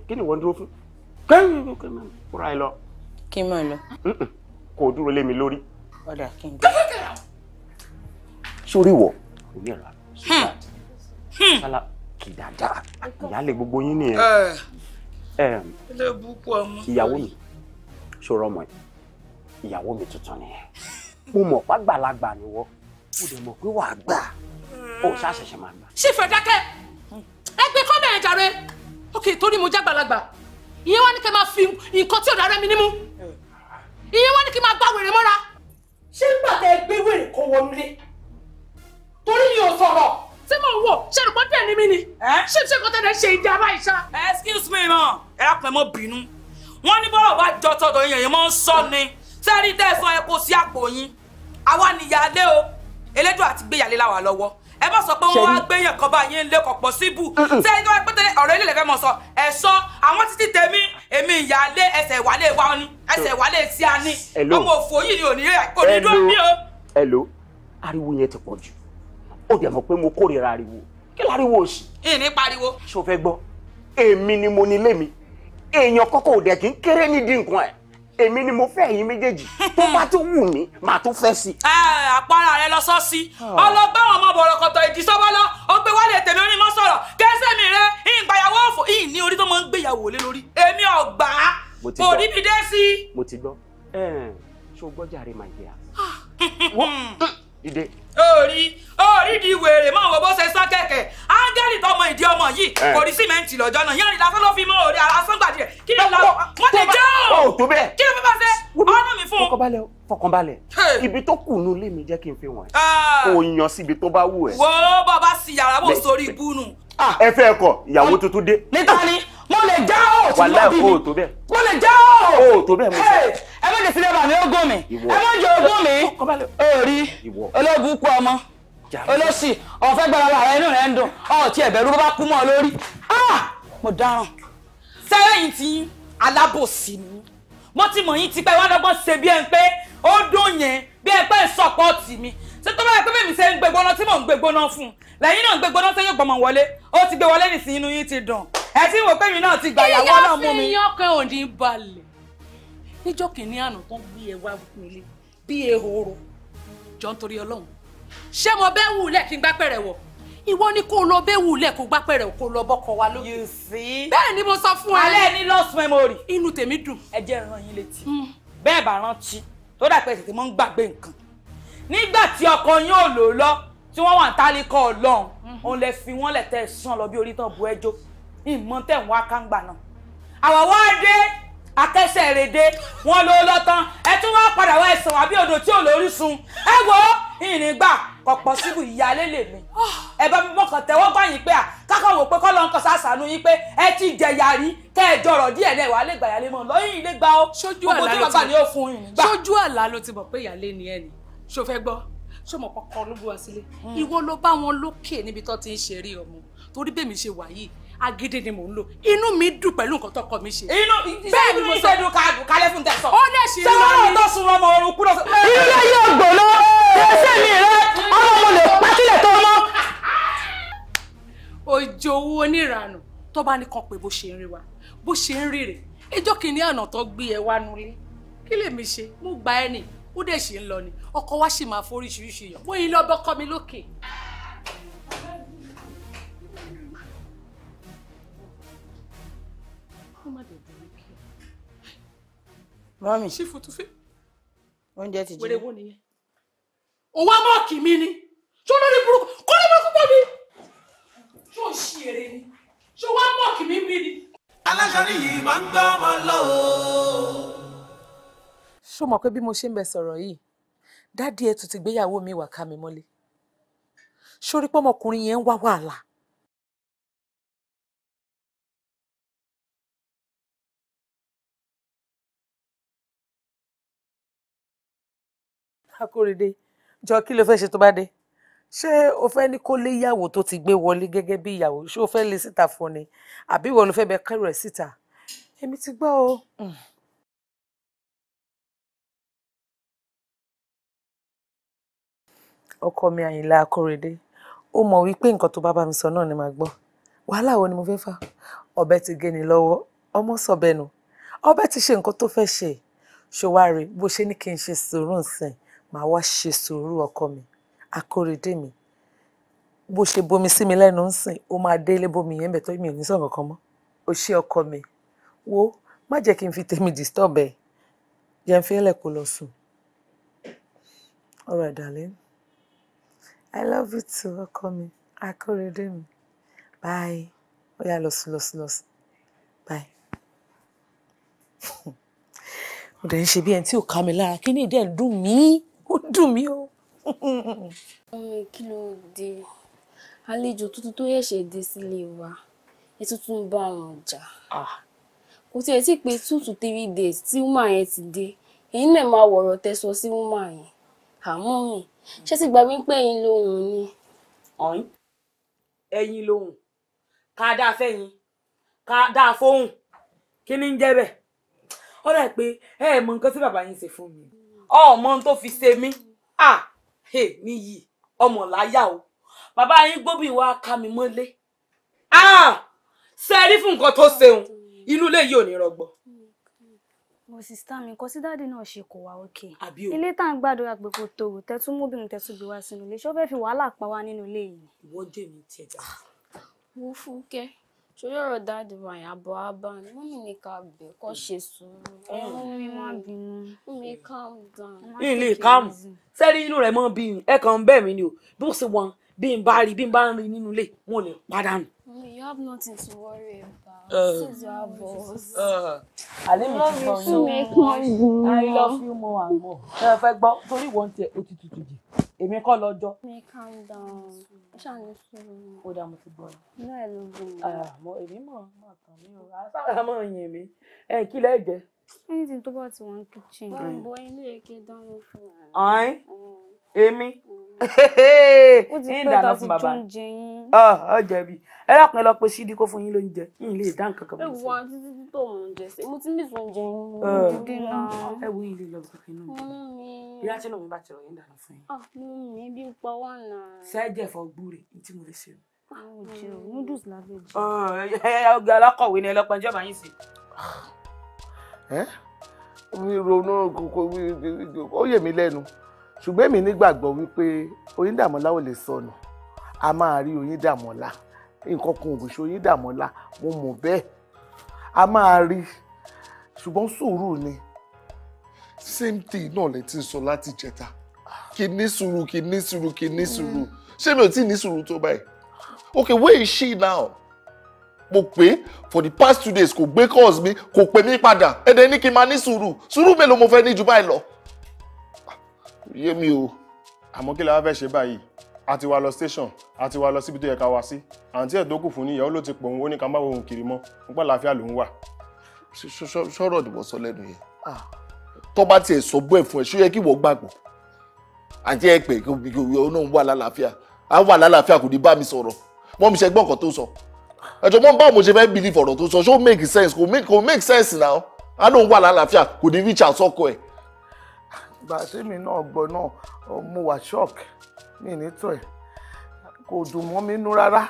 kí ni wọ́n dúró fún kẹ́hìn kúra ẹ lọ. kí n mọ̀ lọ. kò dúró lé mi lórí. ọ̀dà kí n gbọ́. sórí wọ̀ òní ẹ̀rọ àti kì dáadáa ìyáálé gbogbo yín nìyẹn. ilé burúkú ọmọ. ìyàwó mi ṣòro ọmọ yìí ìyàwó mi tuntun nìyẹn mo mọ̀ pàgbàlagbà ni wọ́ mo dẹ̀ mọ̀ pé wàá gbà ó ṣàṣẹ̀ṣẹ̀ máa gbà. ṣé ìfẹ́ dákẹ́ ẹ gbé kọ́ bẹ̀rẹ̀ jàre ok torí mo jágbàlagbà ìyẹn wá ní kí n máa fi nǹkan tí ọ̀dà rẹ mi nímú ìyẹn wá ní kí n máa gbá wèrè mọ́ra. ṣé ń gbàgbé gbé wèrè kó wọnú torí mi ò sọ̀rọ̀ tí mò ń wò ṣe rò pọ́n bẹ́ẹ̀ ni mí ṣé ṣe kó ṣe ìdí ìṣá. excuse me ma ẹ á pẹ́ mọ́ bínú wọ́n ní bọ́ọ̀ bá jọ tọ̀dọ̀ yẹn yẹn mọ́ ń sọ ni sẹ́ẹ̀rí tẹ̀sán epo sí àpò yín àwa nìyàlé o elédùn àti gbéyàlé làwà lọ́wọ́ ẹ bá sọ pé wọn wá gbẹyàn kan bá yín lé kọpọ síbù ṣé ẹni tó pété ọ̀rọ̀ ilé lẹfẹ mọ sọ ẹ sọ àwọn títí tèmi èmi ìyáálé ẹsẹ ìwálé wa ni ẹsẹ ìwálé tí a ní ọmọ òfò yìí ni ò ní kò ní dúró ní o. ẹ lo ariwo yẹn ti pọ̀ jù ó dẹ̀ mọ̀ pé mo kórìíra ariwo kí láriwo ò sí. ìní pariwo. ṣó fẹ́ gbọ́ èmi ni mo nílé mi èèyàn kọ́kọ́ ò dẹ̀ kí n kéré nídìí nǹkan ẹ̀ èmi ni mo fẹ́ ẹ̀yin méjèèjì tó bá tún wù mí màá tún fẹ́ sí. àpárá rẹ lọ sọ sí ah. ọlọgbà àwọn ọmọ bọ̀rọ̀kọ̀tọ̀ ìdísọ́wọ́ lọ ó gbé wálé tèmi onímọ̀ sọ̀rọ̀ kẹsẹ̀ mi rẹ ìgbàyàwó òfò ìyìn ní orí tó máa ń gbéyàwó lé lórí èmi ọ̀gbà kò ní dídé sí. mo ti gbọ́ ṣó gbọ́jà rẹ màá jẹ́ à dìde. orí orí di wèrè mọ àwọn bó ṣe sán kẹ̀kẹ́ áńgẹ́lì tọmọ ìdí ọmọ yìí kò rí símẹ́ǹtì lọ́jọ́ náà yẹ́nì lásán ló fi mọ òde ara sọ́ngbàdì rẹ̀ kí ló lọ wọ́n ti jẹ́ o tó bẹ́ẹ̀ kí ló fẹ́ bá ṣe ọ̀nà mi fún. fọkànbalẹ̀ fọkànbalẹ̀ ibi tó kù nù lé mi jẹ́ kí n fi wọ̀n ẹ́ o yan síbi tó bá wù ẹ́. wo bàbá sì yàrá bò sórí ibùnú. Ah, ẹ fẹ́ kọ ìyàwó tuntun dé. nítorí mo lè já ọ̀ tí mo bí mi mo lè já ọ̀ ẹ méje sílẹ̀ bà mí ogún mi ẹ méje ogún mi òòrí ológun kú ọmọ olóṣì ọ̀fẹ́ gbọ́dọ̀ ara inú rẹ̀ ń dùn ọ̀tí ẹ̀bẹ̀rú bá kú mọ́ lórí ah! mo dáràn. sẹ́yìn tí alábòsí ni mo ti mọ̀ yín tipẹ́ wá lọ́gbọ́n ṣe bí ẹ ń pé ó dùn yẹn bí ẹ pé sọ́pọ́ọ̀tì mi ṣé tó bá yẹ pé bẹ́ẹ̀ mi ṣe ń gbégbóná tí mò ń gbégbóná fún lẹ́yìn náà ń gbégbóná tó yóò gbọmọ wọlé ó ti gbé wọlé nìsín inú yín ti dùn ẹ tí wò pé mi náà ti gbà yàwó náà mú mi. ìyá ọkàn ò balẹ̀ níjọ́ kìíní àná tán gbé ẹ wá nílé bí ehoro jọ nítorí ọlọ́run ṣé mo bẹ́ẹ̀ wúlẹ̀ kí n gbá pẹ̀rẹ̀ wọ̀ ìwọ ni kó lọ bẹ́ẹ̀ wúlẹ̀ kó gbá pẹ̀rẹ̀ kó lọ bọ́kọ wa lókè. you see. bẹ́ẹ̀ ni mo sọ fún ẹ. alẹ́ ní lost memory. inú tèmi dùn. ẹ jẹ́ ràn yín létí. Hmm. bẹ́ẹ̀ bá rántí tó dà pé tètè mọ́ ń gbàgbé nǹkan nígbà tí ọkọ yín ò lò lọ tí wọ́n wà ń tálíkọ ọlọ́run òun lè fi wọ́n lẹ̀ tẹ́ sàn lọ bí orí tán bu ẹjọ́ ìmọ̀ tẹ̀ ń wá kángbà náà àwa wá dé akẹ́sẹ̀ rèdè wọn ló lọ́tàn ẹ tún wá padà wá ẹ̀sán àbí odò tí ò lórísun ẹ wo ìrìngbà kọ̀pọ̀ síbù ìyáálé lè mi ẹ bá mi mọ̀kàn tẹ́wọ́ gbà yín pé à kákọ̀ wò pé kọ́lọ́ nǹkan sàṣàánú yín pé ẹ ti jẹ̀yà rí kẹ́ ẹ dọ̀rọ̀ díẹ̀ náà ìwà lè gbà yálé mọ́ lọ́yìn ilé gbà ó gbogbo ni ó àlá ló ti bọ̀ pé ìyáálé ni ẹ ni ṣó fẹ́ gbọ́ ṣó mọ̀ kọ́kọ́ olúgbò wá sílé hmm. ìwọ ló bá wọn lókè níbi tó ti ń ṣeré ọmọ torí bẹ́ẹ̀mi ṣe wà yìí agídí ni mò ń lò inú mi dùn pẹ̀lú nǹkan tọkọ mi ṣe. inú bẹ́ẹ̀ ni mo sọ inú kàdù kálẹ̀ fún tẹ̀sán. ó lè ṣe ìlú ọ̀rọ̀ tó sun ọmọ orun kúrò. ilé yóò gbòòlò ẹsẹ̀ mi rẹ ọmọ mo lè pàtílẹ̀ tó mọ́. òjò owó oníranù tó bá ní kan pé bó ṣe ń rí wa bó ṣe ń rí rè ẹjọ́ kìíní àná tó gbé ẹ wá nulẹ̀ kí lèmi ṣe mo gba ẹnì ó dẹ̀ ṣe ń lọ ni ọkọ wa sì máa foríṣiríṣi yàn wọ́n yín lọ bọ́kọ mi lókè. mọ́mí ṣí fotofé. oúnjẹ ti jẹ́ wẹ́rẹ́ wo nìyẹn. òun á mọ̀ kì mí ni ṣó lórí burúkú kó ló bá púpọ̀ mi. ṣó ṣì èrè ni ṣó wá mọ̀ kì mí mi ni. alága nìyí máa ń gbọ́ ọmọ lọ́wọ́ ṣó mọ̀ pé bí mo ṣe ń bẹ sọ̀rọ̀ yìí dádì ẹ̀ tún ti gbéyàwó mi wà ká mi mọ́lé sórí pọ́mọkùnrin yẹn ń wá wàhálà akóredé jọ kí ló fẹ́ ṣe tó bá dé ṣé o fẹ́ ní kó lé ìyàwó tó ti gbé wọlé gẹ́gẹ́ bí ìyàwó ṣé o fẹ́ lé síta fún ni àbí ìwọ ló fẹ́ bẹ kẹrù ẹ̀ síta èmi ti gbọ́ o. Mm. ọkọ mi àyìnlá akórèdé ó mọ̀ wípé nǹkan tó bá bá mi sọ náà ni màá gbọ́ wàhálà wo ni mo fẹ́ fà ọ̀bẹ ti gé ni lọ́wọ́ ọmọ sọ̀bẹ nù ọ̀bẹ ti ṣe nǹkan tó fẹ́ ṣe ṣòwárí bó ṣe ní kí n ṣe sùúrù nsìn màá wá ṣe sùúrù ọkọ mi akórèdé mi bó ṣe bomi sí mi lẹ́nu nsìn ó máa délé bomi yẹn bẹ̀tọ́ mi ò ní sọ̀rọ̀ kan mọ́ ó ṣe ọkọ mi wo má jẹ́ kí n fi tèmi disturb ẹ̀ jẹ́ fi ẹlẹ́kọ̀ọ́ lọ sùn all right darling. I love you too, ọkọ mi, akóredé mi. Bye. Ó yá lọ sùn lọ sùn lọ sùn. Bye. Mo dẹ̀ ń ṣe bí ẹni tí ò ká mi lára, kí ni ìdí ẹ̀ ń dùn mí? Ó dùn mí o. Kí ló dé? Àlejò tuntun tó Ah. dé sílé wa, ẹ tuntun bá wọn jà. Ah. Kò tiẹ̀ tí pé two to three days tí woman yẹn ti dé, èyí náà máa wọ̀rọ̀ tẹ́sọ ṣé ti gbà wípé ẹ̀yin lòun ni. ọ̀hún ẹ̀yin lòun ká dáa fẹ́yìn ká dáa fóhùn kí ni ń jẹ́ bẹ́ẹ̀ ó rẹ̀ pé ẹ ẹ̀ mọ nǹkan tí bàbá yín ṣe fún mi ọmọ tó fi ṣe mí à níyì ọmọ láyà o bàbá yín gbóbi wá ká mi mọ́lé ṣe rí fún nǹkan tó ṣeun inú ilé yìí ò ní rọgbọ bó sista mi kò sí dáàdi náà ṣe kò wá òkè ilé tá à ń gbàdúrà pé kò tòrò tẹtú móbìnrin tẹtú gbé wá sínú ilé ṣó fẹ́ fi wàhálà pa wá nínú ilé yìí. ìwọ dè mí tiẹ̀ dá. wo fúnkẹ́ sórí ọ̀rọ̀ dáàdi wa yẹn àbọ̀ abá ni wọ́n mi ní ká bẹ̀ kọ́ ṣe sùúrù. ẹ̀rọ mi máa bínú. mi calm down. ilé calm sẹ́rí inú rẹ̀ mọ́ bí ẹ kàn bẹ́ẹ̀ mi ni o bí ṣe wọn bí n bá rí bí n bá ń rí nínú ilé mo lè padà nù You have nothing to worry about. Uh, Since you are boss. Uh, I love you so I love you more and more. Ẹ fẹ́ gbọ́ torí wọ́n tẹ otí tutù jì. Èmi kọ́ lọ́jọ́. May calm down. Ó ṣàní sùúrù. Ó dààmú ti gbọ́. No, I love you. Ah, Àmọ́ èmi mo. mọ̀ kàn mí o. Àṣàrà mọ̀ yẹn mi. Ẹ kí lẹ́ jẹ. Anything to bá to one kitchen. Boy, bọ́ inú èké dánwó fún wa. Ọ̀hún. Mm. Èmi. Mm ó ti pẹ́ ta fi tún jẹ yín. ọ ah, jẹ̀bi ẹ lákùn ẹ lọ pe sídìí kó fún yín lóúnjẹ yín lè dá nǹkan kan. ẹ wọ àti títí tó ń jẹ sí mo ti ní ìsún oúnjẹ yín ní ah. dídí náà. ẹ wo ilé lọ bàbá inú mi ìyá tí lòun bá ti ròyìn dànù fún yín. mo ah, mi bí pa wà náà. sẹ́jẹ̀ fọ gbúre tí mo lè ṣe. noodles la fẹ́ jẹ. ẹ ọgá alákọ̀wé ni ẹlọ́pàá ìjọba yín sí. ẹ mi ronú kókó ó yẹ mi lẹ́nu ṣùgbọ́n èmi nígbàgbọ́ wípé Oyíndàmọ́lá ò lè sọnù a máa rí Oyíndàmọ́lá nǹkan kan òbí ṣe Oyíndàmọ́lá mo mọ̀ bẹ́ẹ̀ a máa rí ṣùgbọ́n sùúrù ni. same thing náà lè ti sọ láti jẹta ah. kí ní sùúrù kí ní sùúrù kí ní sùúrù ṣé mi ò tí ní sùúrù tó báyìí okay where is she now mo pè for the past two days kò gbé calls mi kò pè mí padà ẹ̀dẹ̀ ní kí n máa ní sùúrù sùúrù mélòó mo fẹ́ ní jù báyìí lọ yé mi o àmọ́ kí la wá fẹ́ ṣe báyìí a ti wá lọ station a ti wá lọ síbi tó yẹ ká wá sí àǹtí ẹ̀ tó kù fún níyàwó ló ti pọ̀ òun ó ní ká má wo òun kiri mọ́ nípa àlàáfíà ló ń wà. sọ̀rọ̀ ìdìbò sọ lẹ́nu yẹn ah, tó bá tiẹ̀ sọ bó ẹ̀ fún ẹ ṣó yẹ kí wọ́n gbàgbọ́ àǹtí ẹ̀ pé òun wà lálàáfíà á wà lálàáfíà kò ní bá mi sọ̀rọ̀ wọ́n mi ṣe gbọ́ nǹkan tó sọ ẹ̀jọ̀ mọ́ báwo mo ṣe fẹ́ believe ọ̀rọ̀ tó sọ ṣó make sense kò make sense now á lóun wà lálàáfíà kò ní reach out ẹ̀ gbà tèmi náà gbọ́ náà mo wà shock mi ní tọ̀ ẹ̀ kò dùn mọ́ mi nú rárá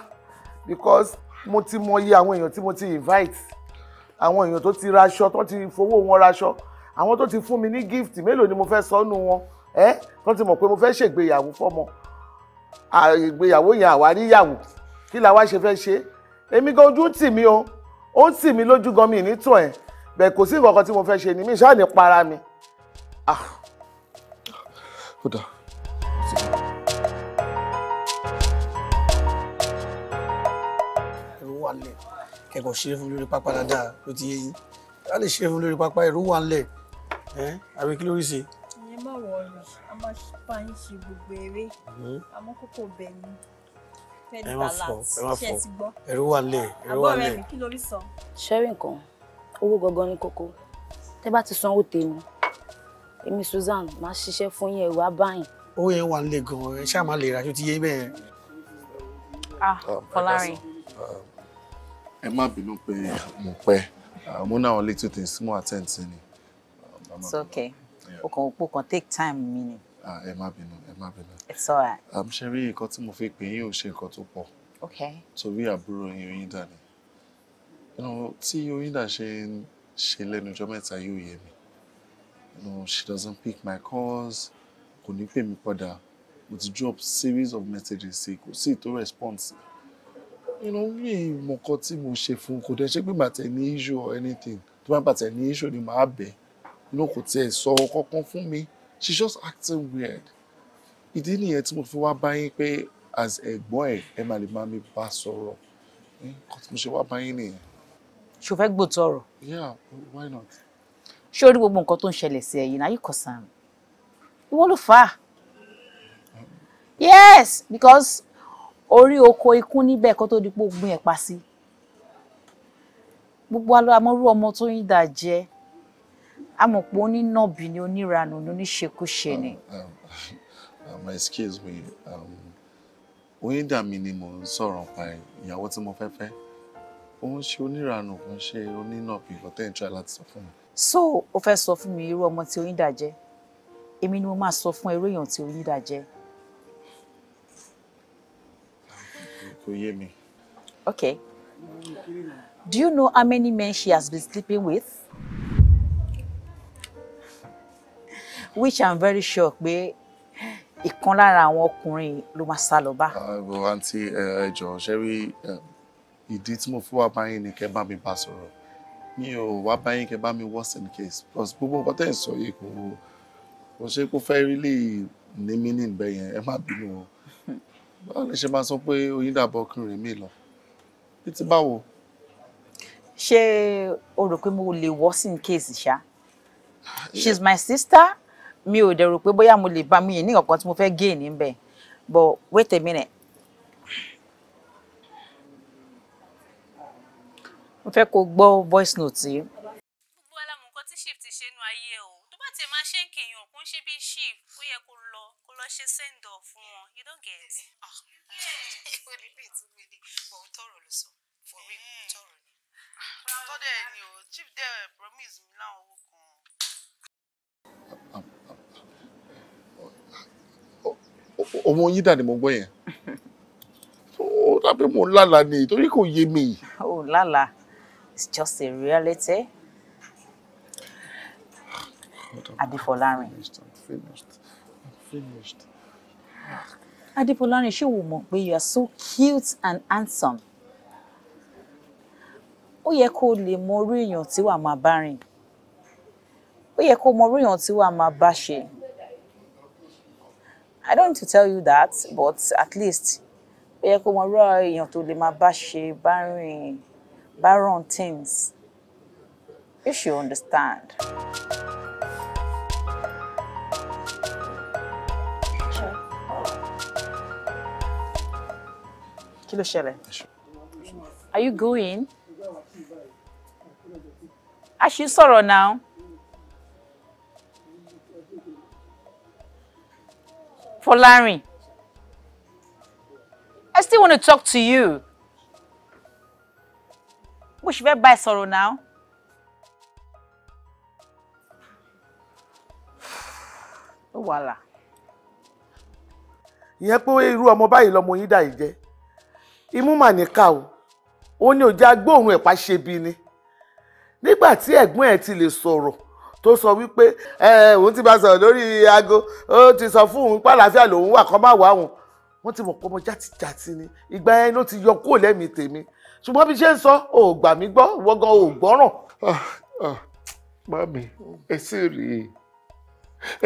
because mo ti mọ iye àwọn èèyàn tí mo ti invite àwọn èèyàn tó ti raṣọ tó ti fowó wọn raṣọ àwọn tó ti fún mi ní gift mélòó ni mo fẹ́ sọnù wọn ẹ tó ti mọ̀ pé mo fẹ́ ṣègbéyàwó fọ́mọ ìgbéyàwó yẹn àwáríyàwó kí la wá ṣe fẹ́ ṣe èmi gan ojú ń tì mí o ó ń tì mí lójú gan mi ní tàn ẹ̀ bẹ́ẹ̀ kò sí nǹkan kan tí mo fẹ́ ṣe ni mi ṣáà ní para mi. Ah ó dà. ẹ̀rù wà lẹ̀ kẹ̀kọ́ ṣeré fún lórí pápá dáadáa ló ti yé yín a lè ṣeré fún lórí pápá ẹ̀rù wà lẹ̀ ẹ̀ àbí kí lórí ṣe. ìyẹn má wọ ọyàn a máa bá ń ṣe gbogbo eré mm-hmm. àmọ́ kókó bẹ̀ ni fẹ́ẹ́ ní bàlá ṣe ti gbọ́. ẹ̀rù wà lẹ̀ ẹ̀rù wà lẹ̀ àbọ̀ rẹ̀ mi kí lórí sọ. ṣẹ́rí nǹkan owó gangan ní kókó tẹ́ bá ti sanwó tèmi èmi Susan máa ṣiṣẹ́ fún yín ẹ̀wà báyìí. ó yẹn wà nílé gan-an ẹ ṣáà máa lè ràjò tí yé bẹ́ẹ̀. ah Fọlárin. ẹ má bínú pé mo pẹ́ ah, mo náà little things mo attend sí ni. it's okay o kàn o kàn take time mi ni. Ah, ẹ má bínú ẹ má bínú. it's alright. Ah, ṣe rí nǹkan tí mo fi pè yín ò ṣe nǹkan tó pọ̀. okay. torí àbúrò yín oyin dà ni tí oyin dà ṣe ń ṣe lẹ́nu ọjọ́ mẹ́ta yóò yé mi no she doesn't pick my calls kò ní pè mí padà mo ti drop series of messages sí kò sí ìtò response you know mi mọ nǹkan tí mo ṣe fún kò dẹ̀ ṣe pé bàtẹ̀ ní issue or anything tó bá bàtẹ̀ ní issue ni màá bẹ̀ you know kò tiẹ̀ sọ kankan fún mi she just acting weird ìdí nìyẹn tí mo fi wá báyìí pé as ẹ̀gbọ́n ẹ̀ ẹ má lè máa mi bá sọ̀rọ̀ nǹkan tí mo ṣe wá báyìí nìyẹn. ṣò fẹ́ gbòòtọ̀ ọ̀rọ̀. yeah why not ṣé o rí gbogbo nǹkan tó ń ṣẹlẹ̀ sí ẹ̀yìn náà yìí kọ̀ sàn ìwọ ló fà á yes because orí oko ikú níbẹ̀ kó tó di pé o gbin ẹ̀pà sí gbogbo alámọ́rú ọmọ tó ń dà jẹ́ amọ̀pọ̀ onínàbì ni oníranù ni oníṣekúṣe ni. Um, um, um, excuse me oyíndàmí ni mò ń sọ̀rọ̀ pa ìyàwó tí mo fẹ́ fẹ́ ó ń ṣe oníranù kò ṣe onínàbì kò tẹ́ láti sọ fún mi so o fẹ́ sọ fún mi irú ọmọ tí Oyíndà jẹ́ èmi ni mo máa sọ fún irú èèyàn tí Oyíndà jẹ́. kò yé mi. okay do you know how many men she has been sleeping with? which i'm very sure pé ìkan lára àwọn ọkùnrin ló máa sá lọ bá. àǹtí ah, eh, ẹ jọ̀ọ́ ṣe rí eh, ìdí tí mo fi wá báyìí ni kẹ́ bá mi bá sọ̀rọ̀ mi ò wá báyìí kẹ bá mi worst in case plus gbogbo ọkọ tẹ̀ ń sọ yìí kò kò ṣe kó fẹ́ rí lè ní meaning bẹ́ẹ̀ yẹn ẹ má bínú o báwo lè ṣe máa sọ pé oyin dàbọ̀ ọkùnrin mi lọ bí ti báwo. ṣé o rò pé mo lè worst in case ṣá ah, she's my sister mi ò dẹ̀ rò pé bóyá mo lè bá mi yìí ní nǹkan tí mo fẹ́ gain níbẹ̀ but wait a minute mo fẹ́ kó gbọ́ voice note yìí. gbogbo alamọ nǹkan tí shift ṣe nu ayé o tó bá tiẹ̀ máa ṣe ń kéèyàn kó ń ṣe bí shift ó yẹ kó lọ kó lọ ṣe send off fún wọn you don get. Ah. ó ní bí ìtumọ̀ ni mo ń tọrọ ló sọ for real mo tọrọ ni. tọ́dẹ̀ ni o chief dẹ̀ promise mi láwọn owó kan. ọmọ yín dà ni mo gbọ́ yẹn ó dàbí mo lálàá ni torí kò yé mi. ó lálàá It's just a reality. Adifolarin. Finished. finished. finished. Adifolarin, ṣé o mọ̀ pé you are so cute and handsome. Ó yẹ kó o lè mọ orí èèyàn tí wàá máa wa rìn. Ó yẹ kó o mọ orí èèyàn tí wàá máa bá I don't need to tell you that, but at least ó yẹ kó o mọ orí èèyàn tó lè máa bá ṣe bá rìn. Baron wrong things. You should understand. Kí ló Are you going? A you sorrow now. for Larry? I still want to talk to you. mo sì fẹ́ sorrow now. sọ̀rọ̀ náà. ó wàhálà. ìyẹn pé irú ọmọ báyìí lọmọ yín dà yìí jẹ imú mà ní ká o ó ní òjá gbóòórùn ẹ̀pá ṣe bí ni nígbà tí ẹ̀gbọ́n ẹ̀ ti lè sọ̀rọ̀ tó sọ wípé ẹ òun ti bá sọ̀rọ̀ lórí aago ó ti sọ fún òun pàlàáfíà lòun wà kọ́ má wà òun wọ́n ti mọ̀ pé ọmọ játijàti ni ìgbà yẹn ló ti yọ kúrò lẹ́mìí tèmi ṣùgbọ́n bí ṣe ń sọ ò gbà mí gbọ́ wọ́gán ò gbọ́ràn. Ah, ah, mami ẹ sì rèé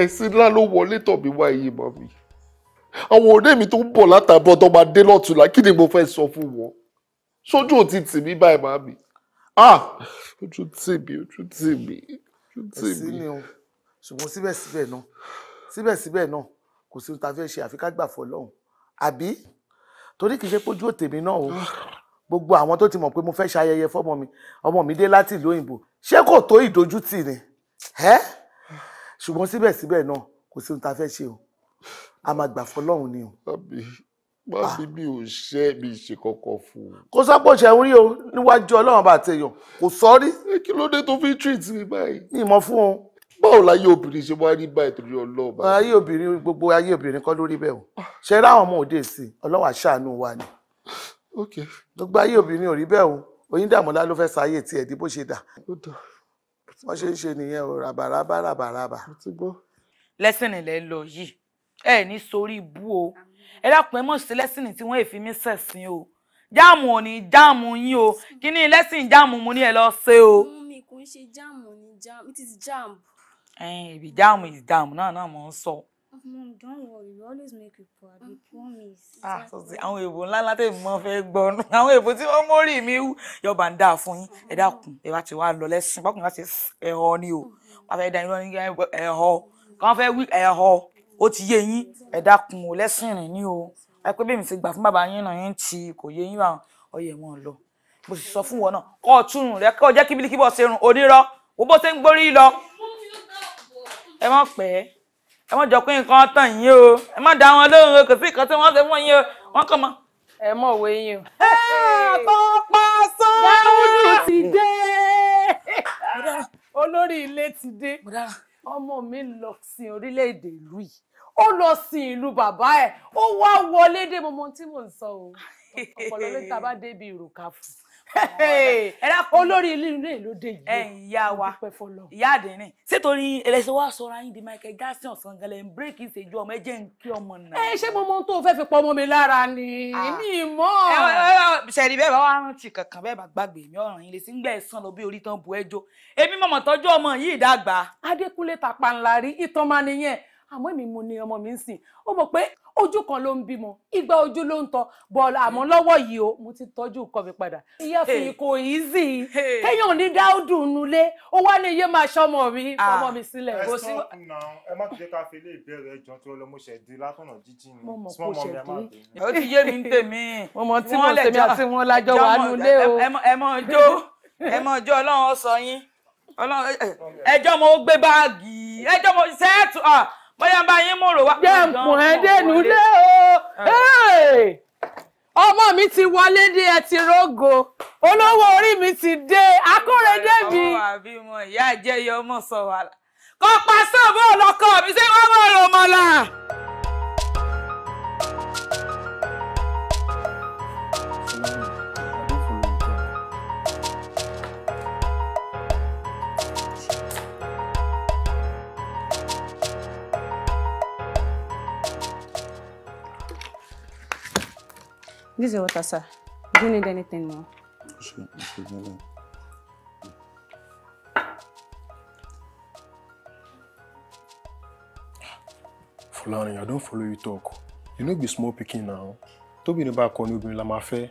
ẹ̀sìn ńlá ló wọlé tọ̀ mí wá iye mami àwọn òde mi tó ń bọ̀ látàbọ̀ tó máa dé lọ́tùnlá kí ni mo fẹ́ sọ fún wọn sójú ò ti tì mí báyìí mami ah, ojú tì mí ojú tì mí ojú tì mí. ẹ̀sìn ni o ṣùgbọ́n síbẹ̀síbẹ̀ náà síbẹ̀síbẹ̀ náà kò sí ohun tá a fẹ́ ṣe àfi ká gbà fọ́ lọ́hùn àbí torí kì í ṣe pójú òtèmi náà o gbogbo àwọn tó ti mọ̀ pé mo fẹ́ ṣayẹyẹ fọ́mọ mi ọmọ mi dé láti ìlú òyìnbó ṣé kò tó ìdójútì ni ẹ́ ṣùgbọ́n síbẹ̀síbẹ̀ náà kò sí ohun tá a fẹ́ ṣe o a máa gbà fọlọ́run ni o. bábí ah. mi ò ṣe mi ṣe kọkọ fún un. kò sápò ṣẹ̀hún rí o níwájú ọlọ́run bá ti yàn kò sọ rí. kí ló dé tó fi treat mi báyìí. ní ìmọ̀ fún un. báwo láyé obìnrin ṣe wá rí báyìí torí ọlọ́ọ̀bá. ayé obìnrin gbogbo ayé obìnrin kọ́ lórí bẹ́ẹ̀ o ṣe ráwọn ọmọ òde sí ọlọ́wà ṣàánú wa ni gbogbo ayé obìnrin ò rí bẹ́ẹ̀ o Oyíndàmọ́lá ló fẹ́ sáyé tiẹ̀ dí bó ṣe dà wọ́n ṣe ń ṣe nìyẹn o ràbàràbà ràbàràbà. lẹ́sìnì lẹ lọ yìí ẹ ní sórí ibú o ẹ dákun ẹ mọ̀ sí lẹ́sìnì tí wọ́n èéfín mi sẹ̀sìn o jáàmù ò ní jáàmù yín o kí ni lẹ́sìn jáàmù mo ní ẹ lọ ṣe o. mi kò ń ṣe jáàmù ní jáàmù it is jam. ẹ̀yin ìbí jáàmù is náà náà mò ń sọ. Mom, don't worry, you always make you proud, we promise. Ah, so ti àwọn èèbò ńlá ńlá tèmi mọ́ fẹ́ gbọ́ nù. Àwọn èèbò tí wọ́n mórì mi wú yọba ń dáa fún yín. Ẹ dákun, ẹ bá ti wá lọ lẹ́sìn, bọ́kùn wá ti ẹ̀họ́ ni o. Wọ́n fẹ́ da irọ́ ní ẹ̀họ́. Kàn fẹ́ wí ẹ̀họ́, ó ti yé yín. Ẹ dákun o lẹ́sìn rìn ní o. Ẹ pé bẹ́ẹ̀ mi ti gbà fún bàbá yín náà yín ti kò yé yín àwọn ọyẹ wọn lọ. Mo sì sọ fún wọn náà, kọ́ ọ̀tún rẹ̀ kọ́ jẹ́ kíbílíkíbọ̀ ṣerun onírọ́. Wo bó ṣe ń gborí ẹ má jọ pé nǹkan tàn yín o ẹ má dá wọn lóhùn o kò sí nǹkan tí wọ́n ṣe fún yín o wọ́n kàn mọ́. ẹ mọ̀ òwe yín o. àtọ́pá sọ́ọ́dù ti dé olórí ilé ti dé ọmọ mi lọ sin orílẹ̀-èdè ìlú yìí ó lọ sin ìlú bàbá ẹ̀ ó wá wọlé dé mo mọ tí mò ń sọ o ọ̀pọ̀lọpọ̀ ló ta bá débi ìròkà fún un. ẹ dákun olórí ilé ilé ló dé yìí ẹ ìyá wa ìyá àdínní sítorí ẹlẹsẹ wa sọra yín di Michael Jackson sangẹlẹ ń bírèkì ìṣèjú ọmọ ẹ jẹ ń kí ọmọ náà. ẹ ṣé mo mọ ohun tó o fẹ́ fi pọ̀ ọmọ mi lára ni ah. mi mọ́. ṣẹ̀rí bẹ́ẹ̀ bá wà rántí kankan bẹ́ẹ̀ bá gbàgbé mi ọ̀ràn yín lè sí gbẹ̀ sàn lọ bí orí tán bu ẹjọ́ èmi mọ̀mọ̀ tọ́jú ọmọ yìí dàgbà. Adékúnlé tàpá ńlá rí ìtàn máa nìyẹn àmọ́ èmi mo ní ọmọ mi ń sìn ó mọ̀ pé ojú kan ló ń bímọ igba ojú ló ń tọ bọ́ọ̀lù àmọ́ lọ́wọ́ yìí o mo ti tọ́jú nǹkan mi padà. ìyá fi kò easy kéèyàn ní dáúdù nulẹ̀ ó wá ní iye máa ṣọmọ mi fọmọ ah. mi sílẹ̀. ẹ sọ na ẹ má tún ká fi ilé ìbẹ̀rẹ̀ ẹjọ́ tí ọlọmọ ṣe dé látọ̀nà jíjìn ni tí wọ́n ẹ má dé. ó ti yé mi ń tèmi. mo mọ tí mo tèmi àti wọn lájọ wà nulẹ̀ o. ẹ mọ ọjọ́ ẹ mọ ọjọ́ ọlọ́run ọ ẹjọ́ mo gbé báàgì ẹjọ́ mo ṣẹ́ẹ̀tù bóyá bá yín mòrò wá. jẹ́ǹkùn ẹ̀ dẹ̀nu dé o ọmọ mi ti wọlé dé ẹ ti rógo olówó orí mi ti dé akórèdé mi. ọmọ àbí mo ìyá àjẹyọ ọmọ sọ wàhálà kọ́ pa sọ́ọ̀bù ọlọ́kọ̀ mi ṣé wọ́n mọ̀ ọ́ lọ́mọ́lá. This is water, sir. Do you need anything more? Sure. Fulani, I don't follow you talk. You no be small picking now. be in ba ko ni obìnrin la ma fẹ́.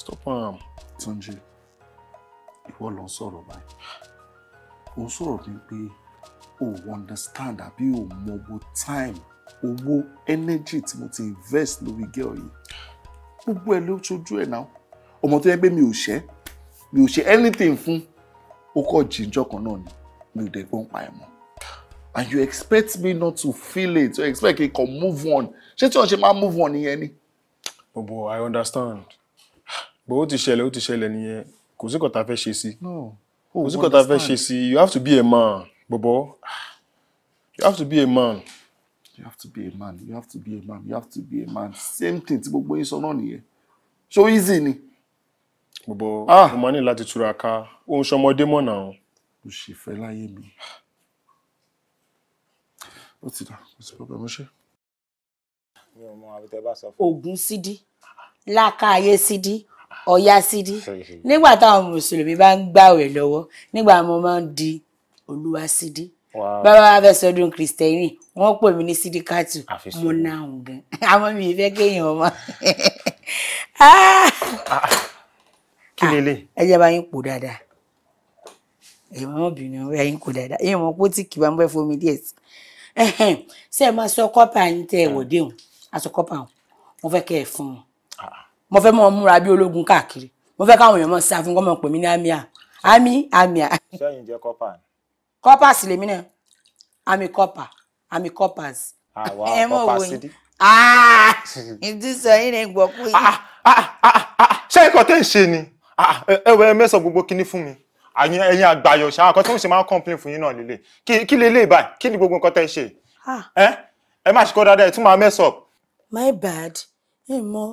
Stop am. Túnjí, ìwọ want ń sọ̀rọ̀ báyìí. Ó ń sọ̀rọ̀ bíi pé understand that o mọ bó time owó energy tí mo ti invest lórí girl yìí gbogbo ẹ̀ ló ṣojú ẹ̀ náà ọmọ tó yẹ pé mi ò ṣẹ́ mi ò ṣe anything fún ó kọ́ jíjọ́ kan náà ni mi ò dẹ̀ gbọ́n pa ẹ̀ mọ́ and you expect me not to feel it you expect me to move on ṣé tí wọ́n ṣe máa move on nìyẹn ni. bobo I understand bó o ti ṣẹlẹ̀ o ti ṣẹlẹ̀ nìyẹn kò sí kọ́ta fẹ́ ṣe sí kò sí oh, kọ́ta fẹ́ ṣe sí you have to be a man bobo you have to be a man you have to be a man you have to be a man you have to be a man same thing tí gbogbo yín sọ náà nìyẹn so easy ni. gbogbo ah! mo máa ní láti túraká ohun ṣọmọdé mọ̀ náà. mo ṣe fẹ́ láyé mi ó ti dà kò sí pọ́pẹ́ mọ́ṣẹ́. mi ò mọ àbútẹ́ bá sọ fún. ogun sídí lákàáyé sídí ọ̀yá sídí nígbà táwọn mùsùlùmí bá ń gbàwẹ̀ lọ́wọ́ nígbà mo máa ń di olúwa sídí bàbá wa fẹ́ sọdún kristẹni wọ́n pè mí ní sídíkàtù mo náà gan àmọ́ mi ì fẹ́ kéèyàn ọmọ. Ah! kí ni ah, ilé. ẹ jẹ́ bá yín pò dáadáa èèyàn mọ̀ bínú bá yín pò dáadáa èèyàn mọ̀ pé tí kì bá ń bẹ́ fomi díẹ̀ sí. ṣé ẹ máa sọ kọ́pà yín tẹ ìwọ́de òun aṣọ kọ́pà òun mo fẹ́ kẹ́ ẹ fún un ah. mo fẹ́ mọ̀ múra bí ológun káàkiri mo fẹ́ káwọn èèyàn mọ̀ sá fún pè mí ní àmì àmì àmì. sẹ́yìn jẹ́ kọ́pà ni coppers lèmi náà àmì copper àmì coppers. àwa ah, coppers sídìí. Ah, ìdísọ yìí ni gbọ́ pé. Ah, ṣé nǹkan tẹ́ ń ṣe ni ẹwẹ́ ẹ mẹ́sàn gbogbo kinní fún mi ẹ̀yin àgbàyọ̀ ṣáà nǹkan tó ń ṣe máa ń complain fún yín náà lélẹ̀ kí lélẹ̀ báyìí kí ni gbogbo nǹkan tẹ́ ń ṣe ẹ má ṣe kọ́ dáadáa ẹ tún máa mess up. my bad ẹ mọ